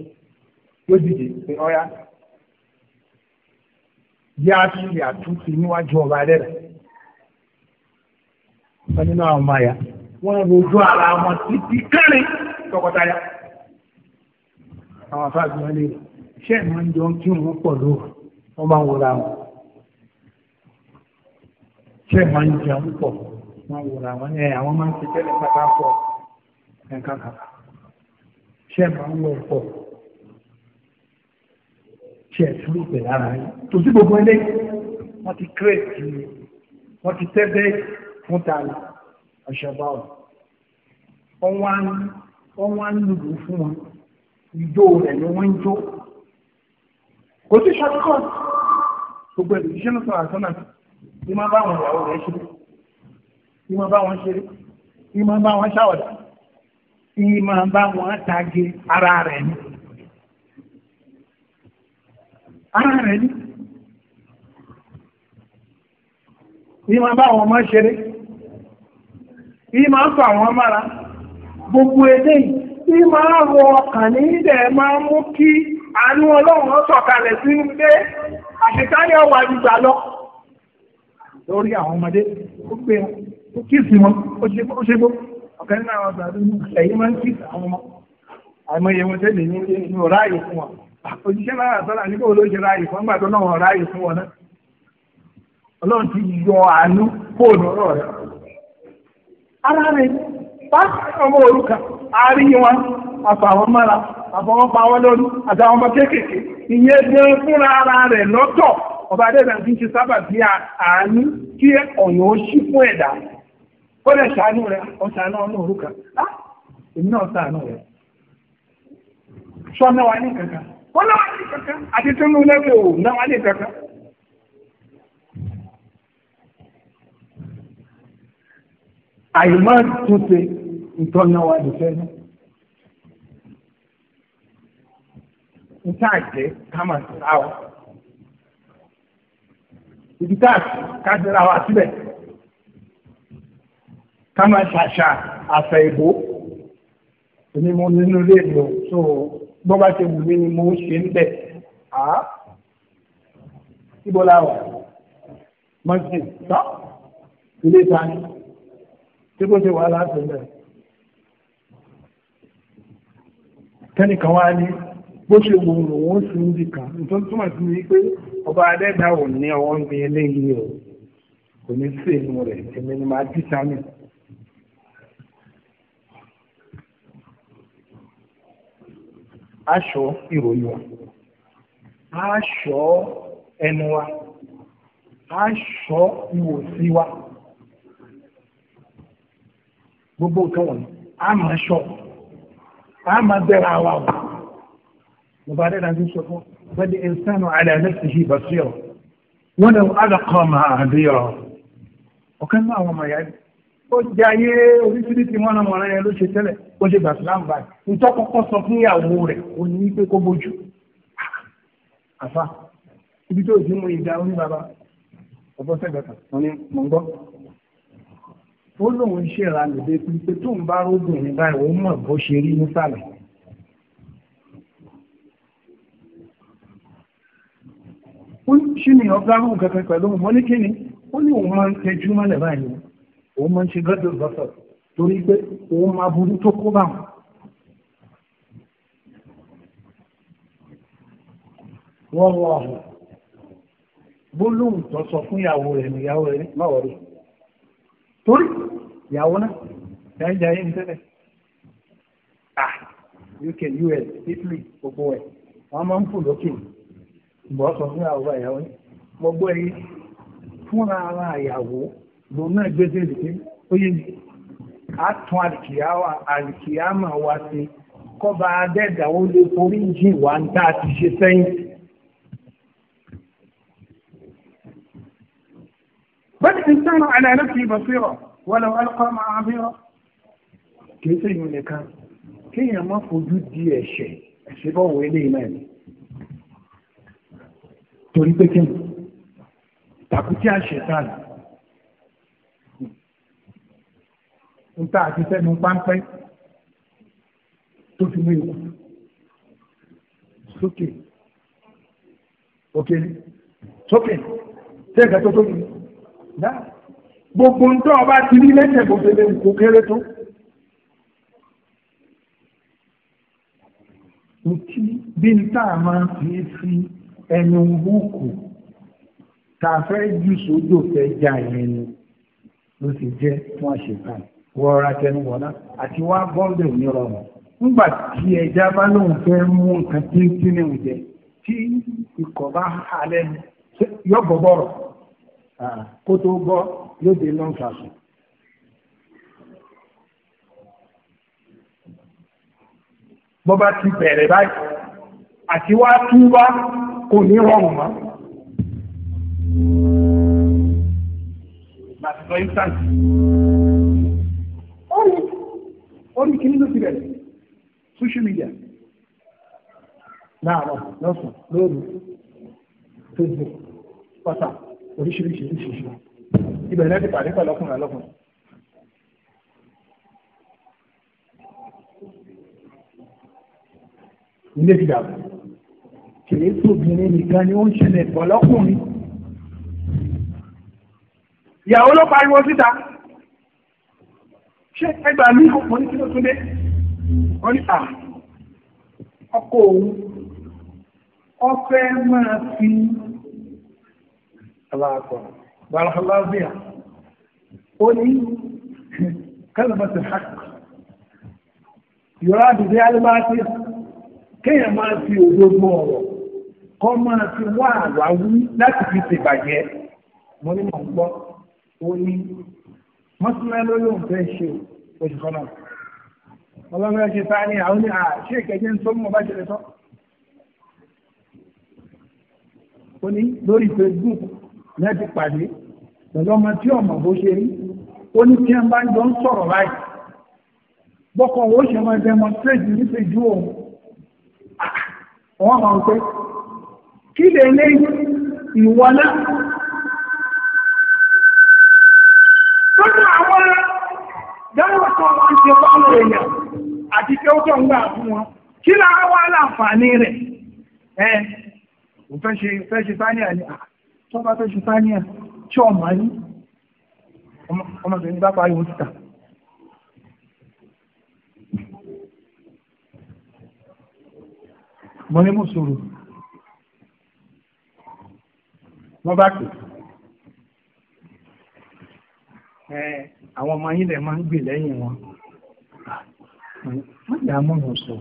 yóò dìde pé ọ̀yá yá sí àtúnṣe níwájú ọba rẹ̀ wọn nínú àwọn ọmọ àyà wọn rojú ara wọn títí kẹrin tọkọtaya àwọn afáàbí wọn lè ṣe é máa ń jọ kí wọn pọ̀ lóru wọn máa ń wọra wọn ṣe máa ń jẹun pọ̀ wọ́n wòrà wọ́n ẹ̀ àwọn máa ń ṣe tẹ́lẹ̀ pátá pọ̀ ẹ̀ka kàkà tí ẹ máa ń wọ ọ̀pọ̀ tí ẹ tún lùpẹ̀ lára yín tó sí gbogbo ilé wọ́n ti kírètì wọ́n ti tẹ́bẹ́ fún tààlà ọ̀ṣọ́bà ọ̀ wọ́n wá ń lùlù fún wọn ìjó rẹ̀ ni wọ́n ń jó kò sí ṣàtúkọ̀ gbogbo ẹ̀rù iṣẹ́ náà sọ̀rọ̀ àtọ́nà ní máa bá àwọn ìyàwó rẹ̀ ṣeré ní máa bá wọn ṣeré ní máa bá wọn ṣàwọ̀dà tí máa bá wọn tagi ara rẹ̀ ni. Ara rẹ̀ ni. Ní máa bá wọn máa ṣeré. Ní máa fà wọn mára. Gbogbo eléyìí, ní máa rọ ọkàn ní ilẹ̀ máa mú kí àánú ọlọ́run sọ̀kalẹ̀ sí ilé àṣekáyọ̀ wà gbígbà lọ. Lórí àwọn ọmọdé, ó gbé wọn, ó kí sí wọn, ó ṣe gbó. ọ̀kan nínú àwọn àgbàdo ẹ̀yìn máa ń kí àwọn ọmọ àìmọye wọn tẹ́lẹ̀ ní inú ráàyè fún wọn náà ṣe ráàyè fún ráàyè fún wọn náà ti yọ àánú fóònù ara bá ọmọ wọn àfàwọn pa wọn àtàwọn ọmọ kéékèèké ìyẹn fúnra ara ọba ti ń ṣe sábà bí àánú kí ọ̀yàn ó O lè ṣàánú rẹ ọ̀sán náà ọmọ òrukàn èmi náà ṣàánú rẹ sọ náà wà ní kankan ó náà wà ní kankan àti Tinubu lẹ́gbẹ̀ẹ́ ò náà wà ní kankan. àìmọ́ túnṣe Kama máa ṣàṣà àṣà ìbò èmi mo nínú ilé mi ò so bó bá ṣe wù mí ni mo ṣe ń bẹ̀ á síbò láwà mọ́sí tán ilé ìta ni tí kò ṣe wàhálà ṣe ń bẹ̀. kẹ́nìkan wá ní bó ṣe wù ú wọ́n sì ń dìkan nítorí túmọ̀ sí ni pé ọba adẹ́dá ò ní ọwọ́ ń gbin eléyìí o kò ní sí ènìyàn rẹ̀ èmi ni màá dìtà mi. aṣọ ìròyìn wa aṣọ ẹnu wa aṣọ ìwòsí wa gbogbo nǹkan wọ̀nyí a máa ṣọ a máa bẹ̀rẹ̀ àwa o bàbá adéla ti sọ fún bẹ́ẹ̀ni ìsánú aláìlẹ́sìn yìí bàtí ọ̀ wọ́n lè wọ́n á lọ kọ́ ọmọ àdéhùn ọ̀kan náà àwọn ọmọ yàrá ó jẹ ayé oríṣiríṣi mọ́nàmọ́ná yẹn ló ṣe tẹ́lẹ̀ ó ṣe gbàsílámù báyìí ntọ́kọ́kọ́ sọ fún ìyàwó rẹ̀ ó ní pé kó bójú àfa ibi tó ti mú ìdá oní bàbá ọgbọ́n sẹ́gbẹ̀ta wọn ni mò ń gbọ́. ó lóun ṣe ìranù dé pé pé tóun bá róbìnrin báyìí ó mọ̀ bó ṣe rí nísàlẹ̀. ó ṣì ní ọgbà rúùn kankan pẹ̀lú òun mọ́ ní kíni ó ní òun máa ń tẹjú mọ́lẹ̀ báyìí òun máa ń ṣe gọ́dọ̀ lọ́sọ̀ torí pé òun máa burú tó kó bá wọn. wọ́n wọ ọ̀hún gbólóhùn tó sọ fún ìyàwó rẹ̀ níyàwó rẹ̀ máwọ̀ rẹ̀ torí ìyàwó náà jáde ayé ń tẹ́lẹ̀ ah UK US Italy gbogbo ẹ̀ wọ́n máa ń fò lókè ìbọ̀ sọ fún ìyàwó ìyàwó mo gbọ́ yìí fúnra ara ìyàwó lòun náà gbé sí ìdíkí ó yé àtún àlìkìyàwó àlìkìyàmà wa ṣe kọba adẹ́gàwó lè forí jì wá ń tá a ti ṣe sẹ́yìn. bẹ́ẹ̀ ni sọ́nà àlàyé kì í bọ̀ sí ọ̀ wọ́n lọ́wọ́ ẹ̀kọ́ máa bí ọ́ kì í sẹ́yìn nìkan kéèyàn má fojú di ẹ̀ṣẹ̀ ẹ̀ṣẹ̀ bọ́ wọ eléyìí náà ni torí pé kí ni tàkùtì àṣetàn nta àti sẹ́nu páńpẹ́ tó fi mú ìwọ sókè òkè sókè tí ẹ̀ka tó tóbi dá gbogbo ntọ́ ọba ti rí lẹ́sẹ̀ gbogbo ẹ̀ kó kéré tó. Ntí bí ntá máa fi fi ẹnu húkù tá a fẹ́ jù sódò fẹ́ já ẹni ló ti jẹ́ fún àṣekáyì wọ́ra tẹnu wọ̀ná àti wá bọ́ọ̀dù ní rọrùn nígbà tí ẹja bá lóun fẹ́ mú nǹkan tíntín ní oúnjẹ tí ikọ̀ bá hà lẹ́nu yọ bọ̀ bọ̀rọ̀ kó tó bọ́ lóde lọ́nkà sùn. bó bá ti bẹ̀rẹ̀ báyìí àti wá túbá kò ní rọrùn mọ́. Màtí sọ instant wò orí kìíní ló ti bẹ̀rẹ̀ social media láàárọ̀ lọ́sàn lóru facebook whatsapp oríṣiríṣi oríṣiríṣi ibẹ̀ náà ti pàdé pẹ̀lú ọkùnrin ọlọ́kùnrin. ilé ti dàbò kìí tó obìnrin nìkan ni ó ń ṣẹlẹ̀ pọ̀ lọ́kùnrin ìyàwó ló pariwo síta ṣé ẹgbàá ní ọ̀pọ̀ ní kí ló tún dé wọ́n ní à ọkọ̀ òun ọfẹ́ máa fi aláàtọ̀ bàrọ̀láàbíà ó ní kálùmọ̀tì hàk yọ̀rọ̀ àdìdí alábáàtì kéèyàn máa fi òdodo ọ̀rọ̀ kọ́ máa fi wá àwáwí láti fi ṣèbàjẹ́ mo ń gbọ́ ó ní mọ́sílẹ̀ ló ló ń fẹ́ ṣe oṣù kan náà ọlọ́run ẹ̀ ṣe sáà ní àwọn ní àṣẹ ìkẹjẹ ń tó mọ̀ bá ṣẹlẹ̀ tán ó ní lórí facebook ní ẹ ti pàdé pẹ̀lú ọmọ tí ọmọ bó ṣe rí ó ní tí ẹ bá ń jọ ń sọ̀rọ̀ báyìí bọ́kọ̀ ó ṣe máa demonstrate nífẹ̀ẹ́jú òun wọ́n máa ń ṣe fáwọn èèyàn àti pé ó tó fún wọn kí lára wá láǹfààní rẹ̀ ẹ ò fẹ́ ṣe fẹ́ ṣe sáníà ni ah, tó fẹ́ ṣe sáníà tí ọmọ yín ọmọbìnrin bá mo ní mùsùlùmí wọ́n bá pè é àwọn ọmọ yín lè máa ń gbè lẹ́yìn wọn. wọ́n yà á mọ̀nà sọ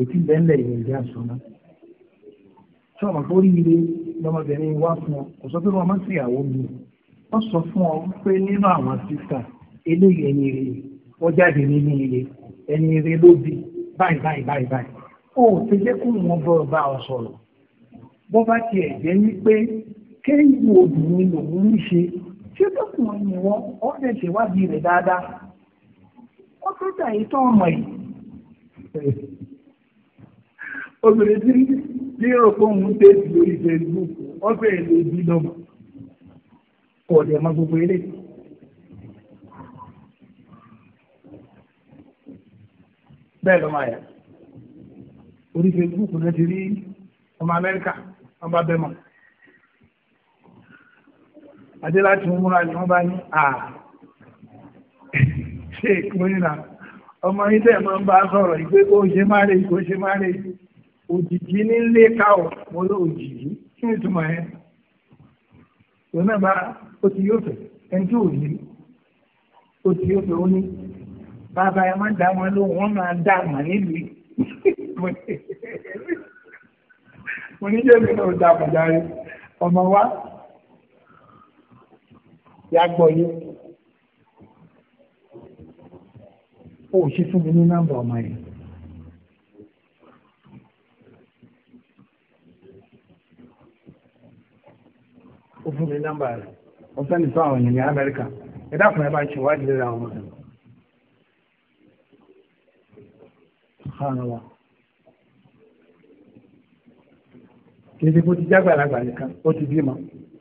ètí bẹ́ńlẹ̀ yìí ìjà sọ náà tí ọmọ tó rí ire lọmọbìnrin wá fún ọ kò sọ pé wọn máa ń ṣèyàwó mi wọ́n sọ fún ọ pé nínú àwọn sísà eléyìí ẹni ire wọ́n jáde nínú ire ẹni ire ló bí báyìí báyìí báyìí báyìí ó ti jẹ́ kó wọn bọ̀ bá ọ sọ̀rọ̀ bó bá tiẹ̀ jẹ́ wípé kéyìn obìnrin lòún ń ṣe ṣé tó kùn ọ́ ni wọ́n ọ́ dẹ̀ ṣèwádìí rẹ̀ dáadáa ó tó dà yìí tó ọmọ yìí. obìnrin tí ní ìrọ̀pọ̀ òun déètì lórí Facebook wọ́n fẹ́ẹ̀ lè bí lọ́mọ kò dẹ̀ mọ gbogbo eré. bẹ́ẹ̀ ló máa yà orí Facebook náà ti rí ọmọ Amẹ́ríkà wọ́n bá bẹ́ẹ̀ mọ̀ àti láti múra ni wọ́n bá ní àà ṣe ìpínlẹ̀ ọmọ yín tẹ̀ máa ń bá sọ̀rọ̀ ìgbé kó ṣe má lè kó ṣe má lè òjìjí ní lé káwọ̀ mo ló òjìjí kí ni ìtumọ̀ yẹn òun náà bá ó ti yóò fẹ̀ ẹni tí ò ní ó ti yóò fẹ̀ ó ní bàbá ẹ má dá wọn lóhùn wọn máa dá àmà nílùú mo ní jẹ́ náà dá àmà dárí ọmọ wa yàgbọ́ yìí. ó ṣe fún mi ní nọ́mbà ọmọ yẹn. ó fún mi nọ́mbà rẹ̀ ó sẹ́ni fún àwọn èèyàn ní Amẹ́ríkà ẹ dákun ẹ bá ń ṣèwádìí lórí àwọn ọmọdé. Subhanallah. Kìí kó ti jágbàlagbà nìkan, ó ti bímọ.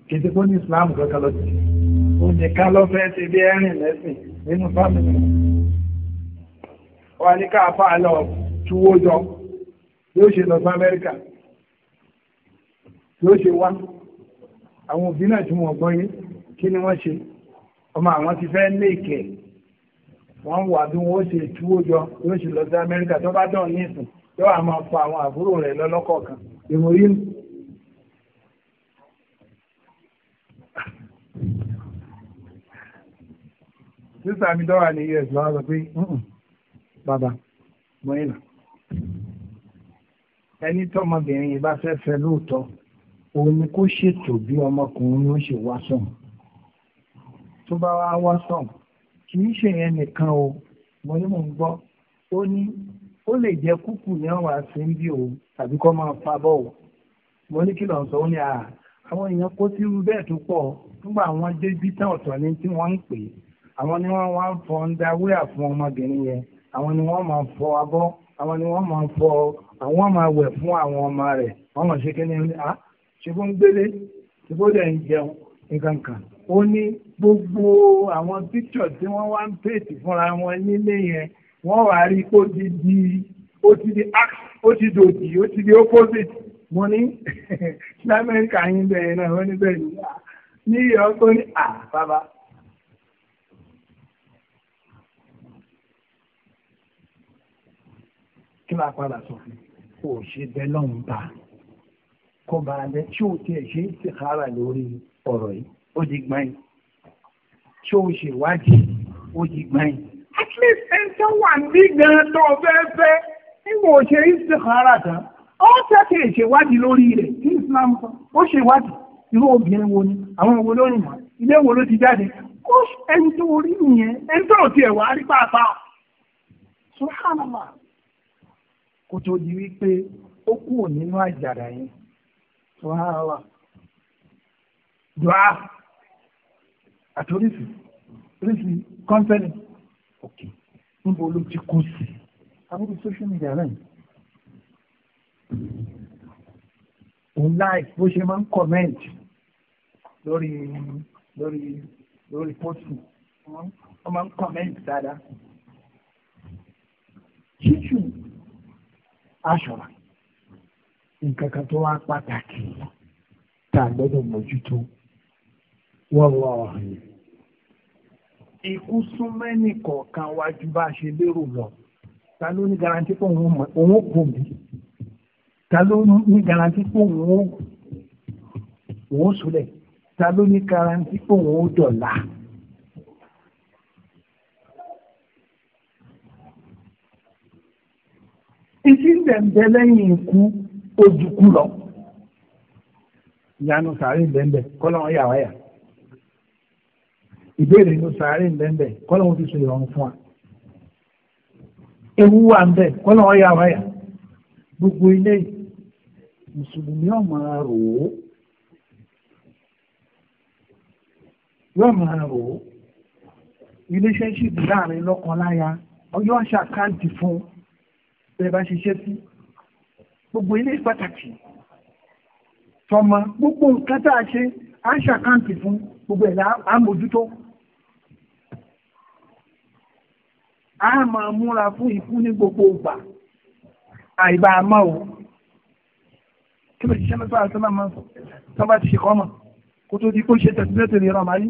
Kìí kó ní Ìsìláàmù kankan lọ sí. Ó nìkan lọ fẹ́ ṣe bí ẹ̀rìn lẹ́sìn nínú fámìlì wà ní káfá lọ tuwó jọ yóò ṣe lọ sí amẹ́ríkà yóò ṣe wá àwọn òbí náà tí wọ́n gbọ́ yín kí ni wọ́n ṣe ọmọ àwọn ti fẹ́ lé ìkẹ́ wọ́n wà bí wọ́n ṣe tuwó jọ yóò ṣe lọ sí amẹ́ríkà tó bá dán ní ìsìn yóò wà máa fa àwọn àbúrò rẹ̀ lọ́lọ́kọ̀ọ̀kan ìmòrí nù. sísàmì dọ́wà ní us lọ́wọ́ sọ pé bàbá bọ́yìnà ẹni tọmọbìnrin yìí bá fẹ́ fẹ́ lóòótọ́ òun ni kó ṣètò bí ọmọkùnrin ló ṣe wá sàn tó bá wá wá sàn kì í ṣe yẹn nìkan o mo ní mò ń gbọ́ ó ní ó lè jẹ́ kúkú ní àwọn àṣírí o tàbí kó máa fa bọ́ o mo ní kí ló sọ ó ní à àwọn èèyàn kó sí irú bẹ́ẹ̀ tó pọ̀ nígbà àwọn débi tán ọ̀tọ̀ ni tí wọ́n ń pè àwọn ni wọ́n wá ń fọ ń dáwúrà fún ọmọbìnrin yẹn àwọn ni wọ́n máa fọ abọ́ àwọn ni wọ́n máa fọ àwọn máa wẹ̀ fún àwọn ọmọ rẹ̀ wọ́n máa ṣe kíni ní ah, à ṣùgbọ́n gbélé ṣùgbọ́n dẹ̀ ń jẹun nǹkan kan ó ní gbogbo àwọn píkṣọ̀ tí wọ́n wá ń pèsè fúnra wọn nílé yẹn wọ́n wá rí kó ti di ó ti di axe ó ti dòdì ó ti di opposite mo ní ní amẹ́ríkà yín bẹ́ẹ̀ náà wọ́n ní bẹ́ẹ̀ ah, ní ní ìyọ́ tó ní à bàbá kí máa padà sọ fún kò ṣe bẹ́ẹ̀ lọ́hùn bá kó bá a lẹ tí o tiẹ̀ ṣe é ti kára lórí ọ̀rọ̀ yìí ó di gbọ́n yìí tí o ṣe wádìí ó di gbọ́n yìí. at least ẹni tó wà ní gan-an tó fẹ́ fẹ́ nígbà ò ṣe é ti kára tán ó tẹ́tẹ̀ ṣèwádìí lórí rẹ̀ kí Islam sọ ó ṣèwádìí irú obìnrin wo ni àwọn wo lórí mọ́ ilé wo ló ti jáde kó ẹni tó orí nìyẹn ẹni tó ò tiẹ̀ wá rí pàápàá subhanallah kó tó di wípé ó kúrò nínú àjàrà yẹn subhanallah dùá àtòrísì rísì kọ́ńtẹ́nì òkè níbo ló ti kú sí àbúrò social media rẹ̀ òun láì bó ṣe máa ń kọ̀mẹ́ǹtì lórí lórí lórí pósì wọ́n máa ń kọ̀mẹ́ǹtì dáadáa aṣọra nǹkan kan tó wá pàtàkì tá a gbọ́dọ̀ mójútó wọ́n wá ọ̀hìn. ikú súnmọ́ ẹnì kọ̀ọ̀kan wájú bá a ṣe lérò lọ ta ló ní garanti pé òun ò kò bí ta ló ní garanti pé òun ò sùlẹ̀ ta ló ní garanti pé òun ò dọ̀la. isi ndembele yin ku ojukwu lọ yanu sari ndembe kọlọ ya waya ìbéèrè nu sari ndembe kọlọ ti so yọ fún wa ewu wa mbẹ kọlọ ya waya gbogbo ilé musulumi ọmọ arò wo yọ ọmọ arò wo iléeṣẹ́ ṣì dùn láàrin lọ́kọ́láya ọjọ́ aṣọ àkáǹtì fún bẹ́ẹ̀ bá ṣiṣẹ́ sí gbogbo ilé pàtàkì tọmọ gbogbo nǹkan tá a ṣe á ṣàkáǹtì fún gbogbo ẹ̀dá àmójútó a máa múra fún ikú ní gbogbo ìgbà àìbá àmọ́ o kí ló ṣiṣẹ́ lọ́sọ́ àti ọlọ́mọ tó bá ti ṣe kọ́ mọ̀ kó tó di kó ṣe tẹ̀sílẹ́tẹ̀ lè ràn máyé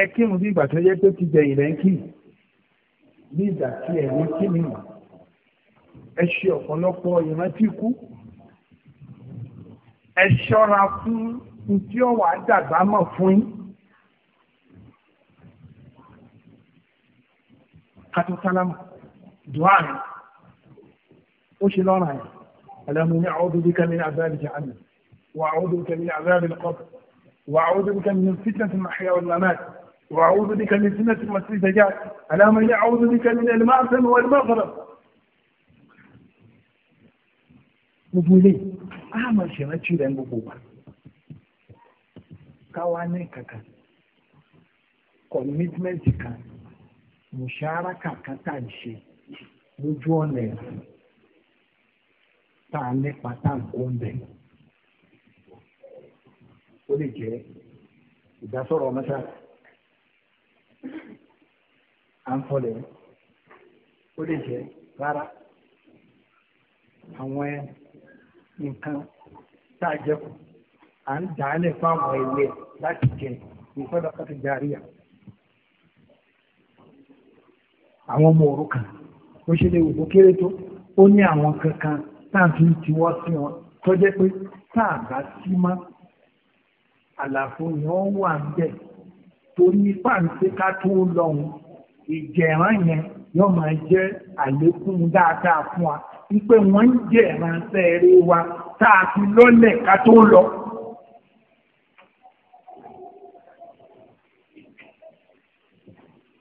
ẹ kírun bí ìgbà tó yẹ pé ti jẹ ìrẹ́ńkì bí ìgbà tí ẹ̀ ní kí ni mọ̀. ẹṣẹ́ ṣe ọ̀pọ̀lọpọ̀ ìrántí-ikú ẹ ṣọ́ra fún tí ó wà dàgbà mọ̀ fún yín. kátó sálámù duhari ó ṣe lọ́rùn àyè alamu ni a'udhu bika min adhabi jahannam wa a'udhu bika min adhabi al-qabr wa a'udhu bika min fitnati al-mahya wal-mamat wa a'udhu bika min fitnati al-masih ad-dajjal alamu ni a'udhu bika min al-ma'sam wal-maghrib gbogbo ilé a máa ṣèrántí rẹ̀ ń gbogbo wa káwa ní kankan commitment kan mùsàáràkà kan tá à ń ṣe lójú ọ̀nà ẹ̀sìn tá a nípa tá à ń kó ń bẹ̀. ó lè jẹ́ ìdásọ̀rọ̀ mẹ́ta à ń fọlẹ̀ ó lè jẹ́ rárá àwọn ẹ̀ nǹkan tá a jẹ kù à ń dà á lẹ̀ fún àwọn ewé láti jẹ ìfọdọ̀ kọ́tù jàríyà. àwọn ọmọ òrukàn ó ṣe lè wò ó kéré tó ó ní àwọn kankan tá à ń fi tiwọ́ sí wọn tó jẹ́ pé tá a bá sí mọ́ àlàfo ni wọ́n wà ń bẹ̀ torí pàǹtí ká tó lọ́hùn ìjẹ̀rán yẹn yóò máa jẹ́ àlékún dáadáa fún wa wípé wọ́n ń jẹ́ ìránṣẹ́ eré wa tá fi lọ́lẹ̀ ká tó lọ.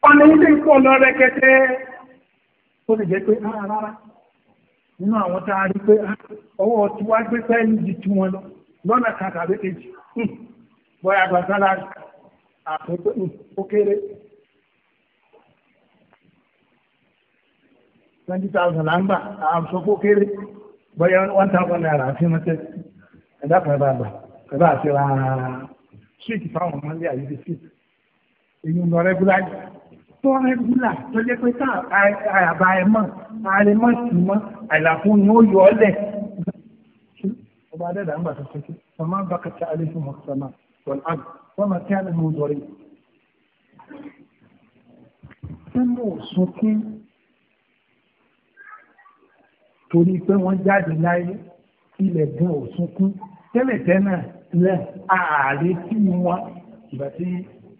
ọ̀nà ilé lọ rẹ̀kẹ̀tẹ̀ ó lè jẹ́ pé ah, rárá nínú àwọn tá a rí pé ah, ọwọ́ wá gbé di tí lọ lọ́nà kan hmm. twenty thousand là ń gbà àṣọpọ̀ kéré bóyá one thousand naira àti mọ́tẹ́ ẹ̀dá kan bá gbà ẹ̀dá àti ra street fáwọn ọmọlé àyíké street èyí ń lọ rẹ́gúlá tó rẹ́gúlá tó jẹ́ pé tá àyàbá ẹ̀ mọ̀ ààrẹ mọ̀ sí mọ́ àìlàfo ni ó yọ ọ́ lẹ̀. ọba adẹ́dàá ń gbà tó ṣe ọmọ bàkàtà alẹ́ fún mọ̀ọ́sánmá wọ́n á wọ́n máa kí alẹ́ mọ̀ ọ́ sọ́rí. sẹ́mu ò sunkún torí pé wọ́n jáde láyé ilẹ̀ gan òsunkún tẹ́lẹ̀tẹ́lẹ̀ lẹ́ ààrẹ tí wọn ìgbà tí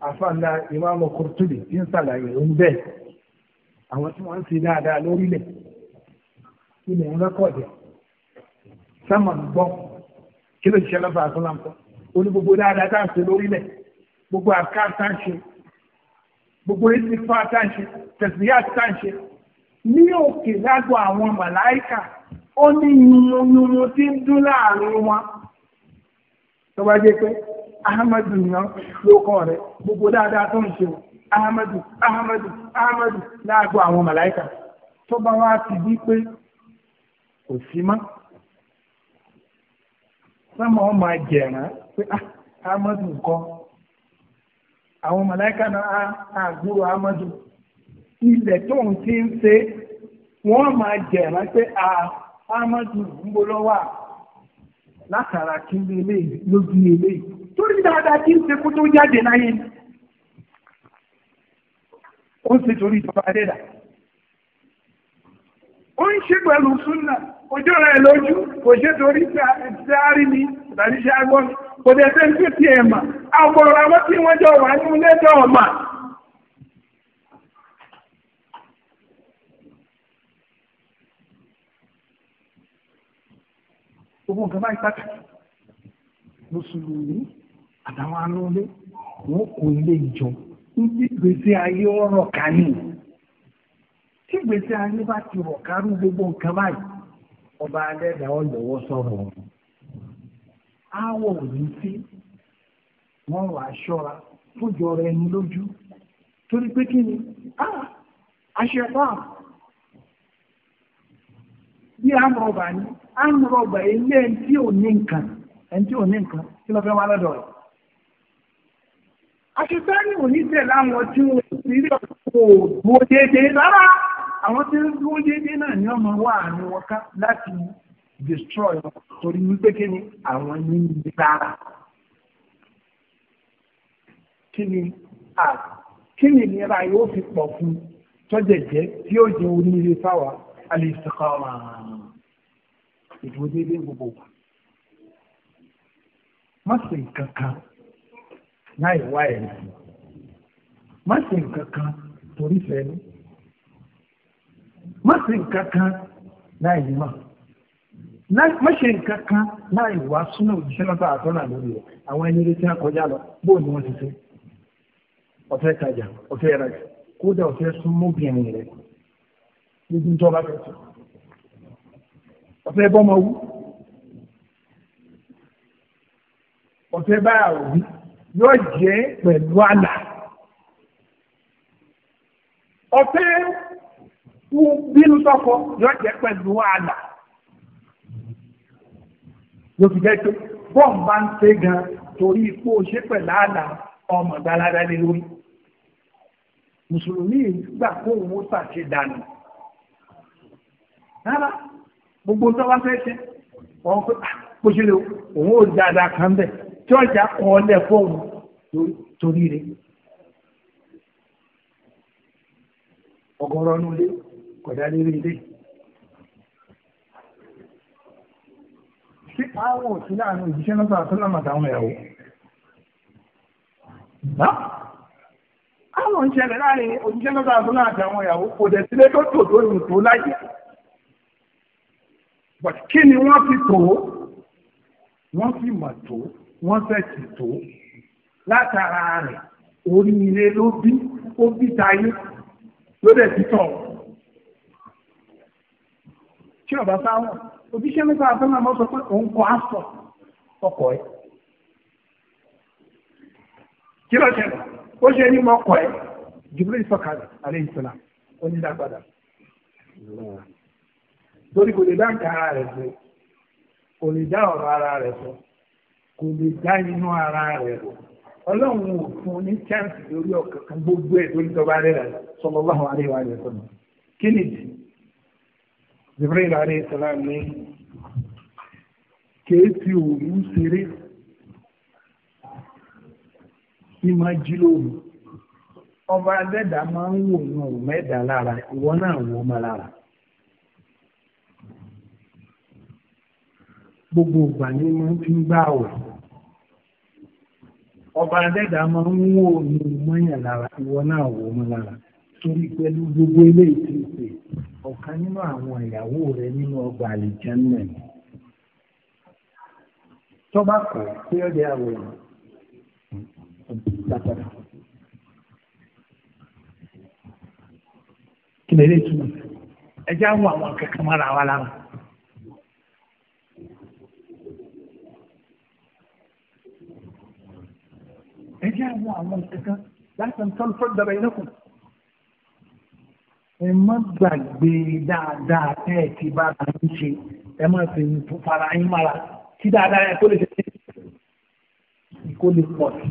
afáàlà ìmáàmù Qurtubi ti ń ṣàlàyé ń bẹ̀ àwọn tí wọ́n ń ṣe dáadáa lórílẹ̀ ilẹ̀ ń rẹ́kọ̀dì sámà ń gbọ́ kí ló ṣiṣẹ́ lọ́fà àtúnláńkọ́ ó ní gbogbo dáadáa tá à ń ṣe lórílẹ̀ gbogbo àká tá à ń ṣe gbogbo ìsìnkú tá à ń ṣe tẹ̀síyà tá à ń ṣe ní òkè lágbo àwọn màláìkà ó ní yunmuyunmu tí ń dún láàrin wọn tó bá jẹ́ pé ahamadu yan ló rẹ gbogbo dáadáa tó ń ṣe o ahamadu ahamadu ahamadu lágbo àwọn màláìkà tó bá wá ti di pé kò sí mọ́ sámà wọn máa ilẹ̀ tó ń ti ń ṣe wọ́n máa jẹ̀ ránpẹ́ a amadu ńbọlọ́wà látara kí n lè lójú ilé torí dáadáa kí n ṣe kó tó jáde láyé ó ń ṣe torí ìjọba adẹ́dà ó ń ṣe pẹ̀lú súnà ojú rẹ̀ lójú kò ṣe torí sáárì ni tàbí ṣe agbọ́n kò dẹ̀ sẹ́ńtì tiẹ̀ mà àwòrán àwọn tí wọ́n jọ wà ní ilé jọ gbogbo nǹkan báyìí pàtàkì mùsùlùmí àtàwọn anúlé wọn kò lè jọ níbi gbèsè ayé ọ̀rọ̀ kání tí gbèsè ayé bá ti rọ̀ kárú gbogbo nǹkan báyìí ọba alẹ́dàá ọ̀yọ̀wọ́ sọ̀rọ̀ áwọ̀ òní sí wọ́n rẹ ní lójú torí pé kí ni bí àmọ̀ ọba ni. à ń rọgbà ilé tí ò ní nǹkan ẹni tí ò ní nǹkan kí ló fẹ́ wá lọ́dọ̀ rẹ̀. Akíntání ò ti rí ọ̀pọ̀ òbò déédéé rárá. Àwọn tí ń dúró déédéé ni ọmọ wa destroy wọn torí ni àwọn ní a ni ni ìnira yóò fi pọ̀ fún tọ́jẹ̀jẹ́ tí yóò jẹ́ oníire fáwa alẹ́ ìdúró déédéé gbogbo wa má ṣe nǹkan kan láì wá ẹ̀rí má ṣe nǹkan kan torí fẹ́ẹ́nu má ṣe nǹkan kan láì mọ̀ má ṣe nǹkan kan láì wá súnà òjíṣẹ́ lọ́tà àtọ́nà lórí rẹ̀ àwọn ọ̀fẹ́ bọ́mọ wú ọ̀fẹ́ báyà wí yóò jẹ́ pẹ̀lú àlà ọ̀fẹ́ bínú sọ́kọ yóò jẹ́ pẹ̀lú àlà ló fi jẹ́ pé bọ́ọ̀n bá ń ṣe gan torí ipò ṣe pẹ̀lú àlà ọmọ gbalaga lé lórí mùsùlùmí gbà kóhùn ó ṣàṣe dànù rárá. gbogbo tó bá fẹ́ ṣe wọn pé kó ah, ṣe òun ò dáadáa kan kọ́ ọ lẹ̀ torí rẹ̀. ọgọ́rọ́ nulẹ̀ kọ̀dá lérí ilé. Ṣé àwọn òsì Bá àwọn ìṣẹ̀lẹ̀ láàrin kò dẹ̀ sílé tó tò tó tó láyé. but kí ni wọ́n fi tó wọ́n fi mọ̀ tó wọ́n fẹ̀sì tó látara rẹ̀ oríire ló bí ó bí tayé ló dẹ̀ ti tọ̀ tí ọba sáwọn òbíṣẹ́ nípa àtọ́nà mọ́ sọ pé òun kọ aṣọ ọkọ̀ ẹ̀ kí ló ṣẹlẹ̀ ó ṣe ní mọ́kọ̀ ẹ̀ Jibril sọ̀kalẹ̀ alayhi salam onídàgbàdà torí kò lè dá nǹkan ara rẹ̀ sọ kò lè dá ọ̀rọ̀ ara rẹ̀ sọ kò lè dá inú ara rẹ̀ rọ ọlọ́run ò fún ní chance lórí ọ̀kankan gbogbo ẹ̀ lórí tọ́ba rẹ̀ rẹ̀ sallallahu alaihi wa sallam kí nìdí Jibril alayhi salam ní kìí fi òru ṣeré ìmọ̀ jílòrò ọba adẹ́dà máa ń wò ní òun mẹ́ta lára ìwọ náà wò ó máa lára. gbogbo ìgbà ni mo fi ń gbà wẹ̀ ọba adẹ́dà máa ń wò ní mọ́yàn lára ìwọ náà wò mọ́ lára torí pẹ̀lú gbogbo ilé ìpèsè ọ̀kan nínú àwọn ìyàwó rẹ nínú ọgbà àlìjẹ́nà ni tọ́ba kọ̀ pé ọ̀dẹ́ àwòrán kí lè lè túmọ̀ ẹ já wọ àwọn akẹ́kọ̀ọ́ mọ́ra wa lára. ẹ jẹ́ àwọn àwọn kankan láti tán fọ́dà bẹ́ẹ̀ lọ́kùn. ẹ má gbàgbé dáadáa ẹ ti bára ń ṣe ẹ má fi fara yín mára kí dáadáa ẹ kó lè tẹ̀lé kó lè pọ̀ sí.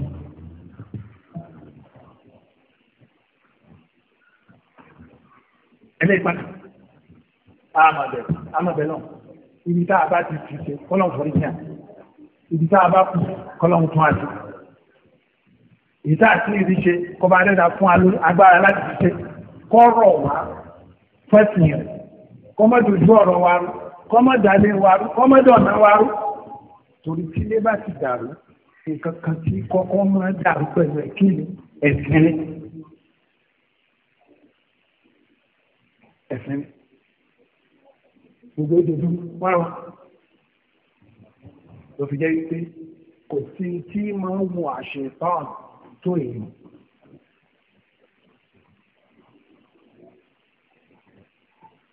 ẹlẹ́gbàdàn àmàbẹ̀ àmàbẹ̀ náà ibi tá a bá ti fi ṣe kọ́lọ̀ fọ́rí ibi tá a bá kú kọ́lọ̀ tún àti ìta àti ìdí ṣe kó bá dẹ́ta fún agbára láti ṣe kọ́ rọ̀ wá fẹ́sìn rẹ̀ kọ́ mọ́ dojú ọ̀rọ̀ wa rú kọ́ mọ́ dalẹ̀ wa rú kọ́ mọ́ dọ̀nà wa rú torí tí ilé bá ti dàrú nǹkan kan tí kọ́kọ́ máa dàrú pẹ̀lú ẹ̀kíni ẹ̀sìn ni ẹ̀sìn gbogbo ìdòdó wá wa wípé kò sí tí máa ń wọ àṣẹ tán tó èèyàn.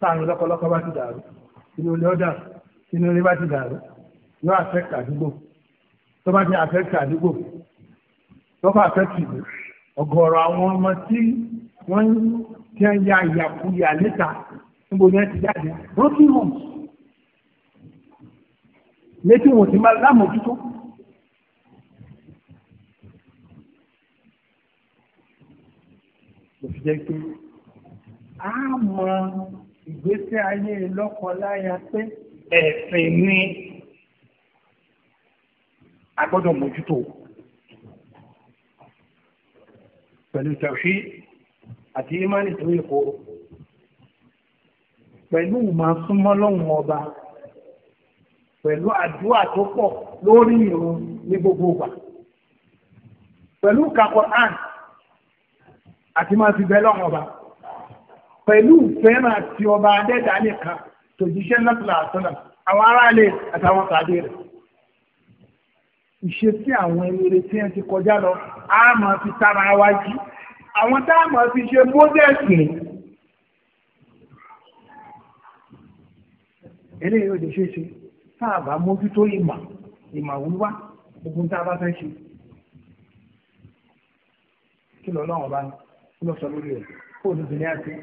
táàrin lọ́kọ́lọ́kọ́ bá ti dàrú inú ilé ọ̀dà inú ilé bá ti dàrú yóò affect àdúgbò tó bá ti affect àdúgbò tó bá affect ìlú ọ̀gọ̀ọ̀rọ̀ àwọn ọmọ tí wọ́n ti ń ya ìyàkuyà níta níbo ni wọ́n ti jáde broken homes létí wọn ti máa lámòjútó. ló fi jẹ́ pé a mọ ìgbésí ayé lọ́kọláya pé ẹ̀sìn ni a gbọ́dọ̀ mójútó pẹ̀lú tẹ̀sí àti imani tó yẹ kóró pẹ̀lú máa súnmọ́ lọ́hùn ọba pẹ̀lú àdúrà tó pọ̀ lórí ìrun ní gbogbo ìgbà pẹ̀lú kakọ̀ áàtì àti máa fi bẹ́ẹ̀ lọ́wọ́ ọba pẹ̀lú fẹ́ràn àti ọba adẹ́dá nìkan tó jíṣẹ́ lọ́tọ̀lá àtọ́nà àwọn aráàlẹ̀ àtàwọn tàbí rẹ̀ ìṣesí àwọn eré tí wọ́n ti kọjá lọ á máa fi tára wájú àwọn tá a máa fi ṣe mọ́dẹ́sì eléyìí ò lè ṣe é ṣe tá a bá mójútó ìmọ̀ ìmọ̀ wíwá gbogbo tá a bá fẹ́ ṣe kí lọ́lọ́run bá ní kí ló sọ lórí ẹ̀ kó òdodo ní àti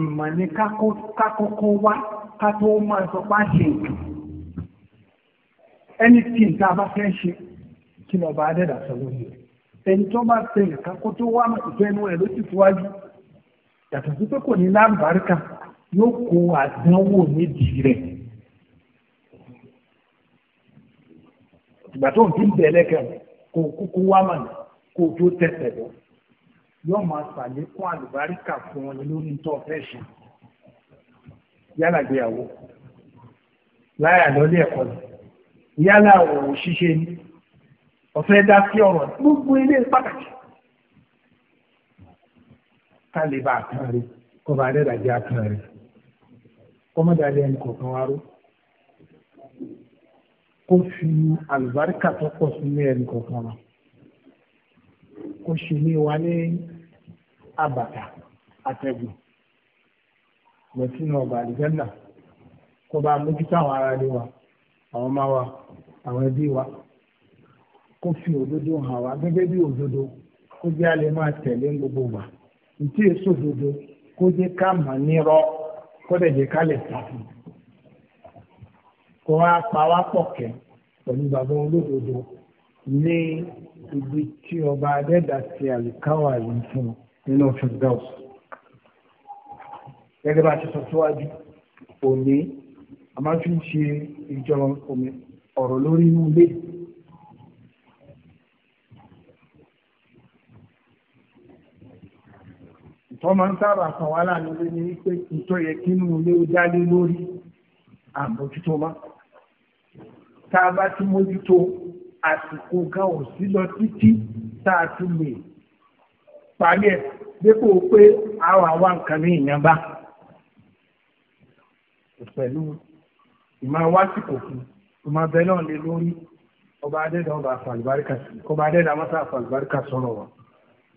ìmọ̀ ní kákọ́kọ́ wá ká tó máa sọ pá ṣe anything tá a bá fẹ́ ṣe kí lọ́ba adẹ́dà sọ lórí ẹ̀ ẹni tó bá ṣe nǹkan kó tó wá ìfẹ́ inú ẹ̀ ló ti fúwájú yàtọ̀ sí pé kò ní lábàárìkà yóò kó àdánwò nídìí rẹ̀. ìgbà tó ń fi ń bẹ̀ẹ́lẹ́kẹ̀ kó kúkú wá mà kó tó tẹ̀sẹ̀ lọ yóò máa ṣàlékún àlùbáríkà fún wọn lórí tó fẹ́ ṣe yálà gbéyàwó láyà lọ́lé ẹ̀kọ́ ni yálà òwò ṣíṣe ni ọ̀fẹ́ dá sí ọ̀rọ̀ gbogbo ilé pàtàkì ká lè bá àkàn rẹ kó bá rẹ̀ dàgbé àkàn rẹ kọ́mọ́dàlẹ́ ẹnì kọ̀ọ̀kan wá ró kó fi àlùbáríkà tó pọ̀ sínú ẹnì kọ̀ọ̀kan wa kó ṣe ní wa ní àbàtà àtẹ̀gùn lọ sínú ọgbà àlùjànnà kó bá mójútó àwọn ará ilé wa àwọn ọmọ wa àwọn ẹbí wa kó fi òdodo hàn wá gẹ́gẹ́ bí òdodo kó jẹ́ alẹ́ máa tẹ̀lé gbogbo wa ntí èso òdodo kó jẹ́ ká mọ̀ nírọ́ kó dẹ̀ jẹ́ ká lè sá fún kó wá pa wá pọ̀ kẹ́ pẹ̀lú bàbá olódodo ní ibi tí ọba adẹ́dàsí àlùkáwà yìí fún un nínú firdaus gẹ́gẹ́ bá ti sọ síwájú òní a máa fi ń ṣe ìjọ omi ọ̀rọ̀ lórí inú ilé ìtọ́ máa ń sábà kan wá láàrin ilé ní pé ìtọ́ yẹ kí inú ilé ó dálé lórí àmójútó má tá a bá ti mójútó àsìkò gan ò sí lọ títí tá a ti lè parí ẹ̀sìn dípò pé àwọn àwa nǹkan ní ìyànbá pẹ̀lú ìmọ̀ wásìkò fún ìmọ̀ abẹ náà lé lórí ọba adẹ́dà ọba àfàlùbáríkà sí ọba adẹ́dà mọ́tà àfàlùbáríkà sọ̀rọ̀ wa.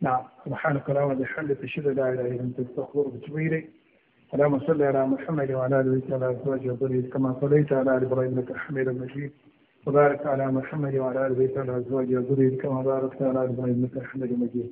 نعم سبحانك اللهم وبحمدك اشهد ان لا اله الا انت استغفرك واتوب اليك اللهم صل على محمد وعلى ال بيته وعلى ازواجه وذريته كما صليت على ال ابراهيم انك حميد مجيد وبارك على محمد وعلى ال بيته وعلى ازواجه وذريته كما باركت على ال ابراهيم انك حميد مجيد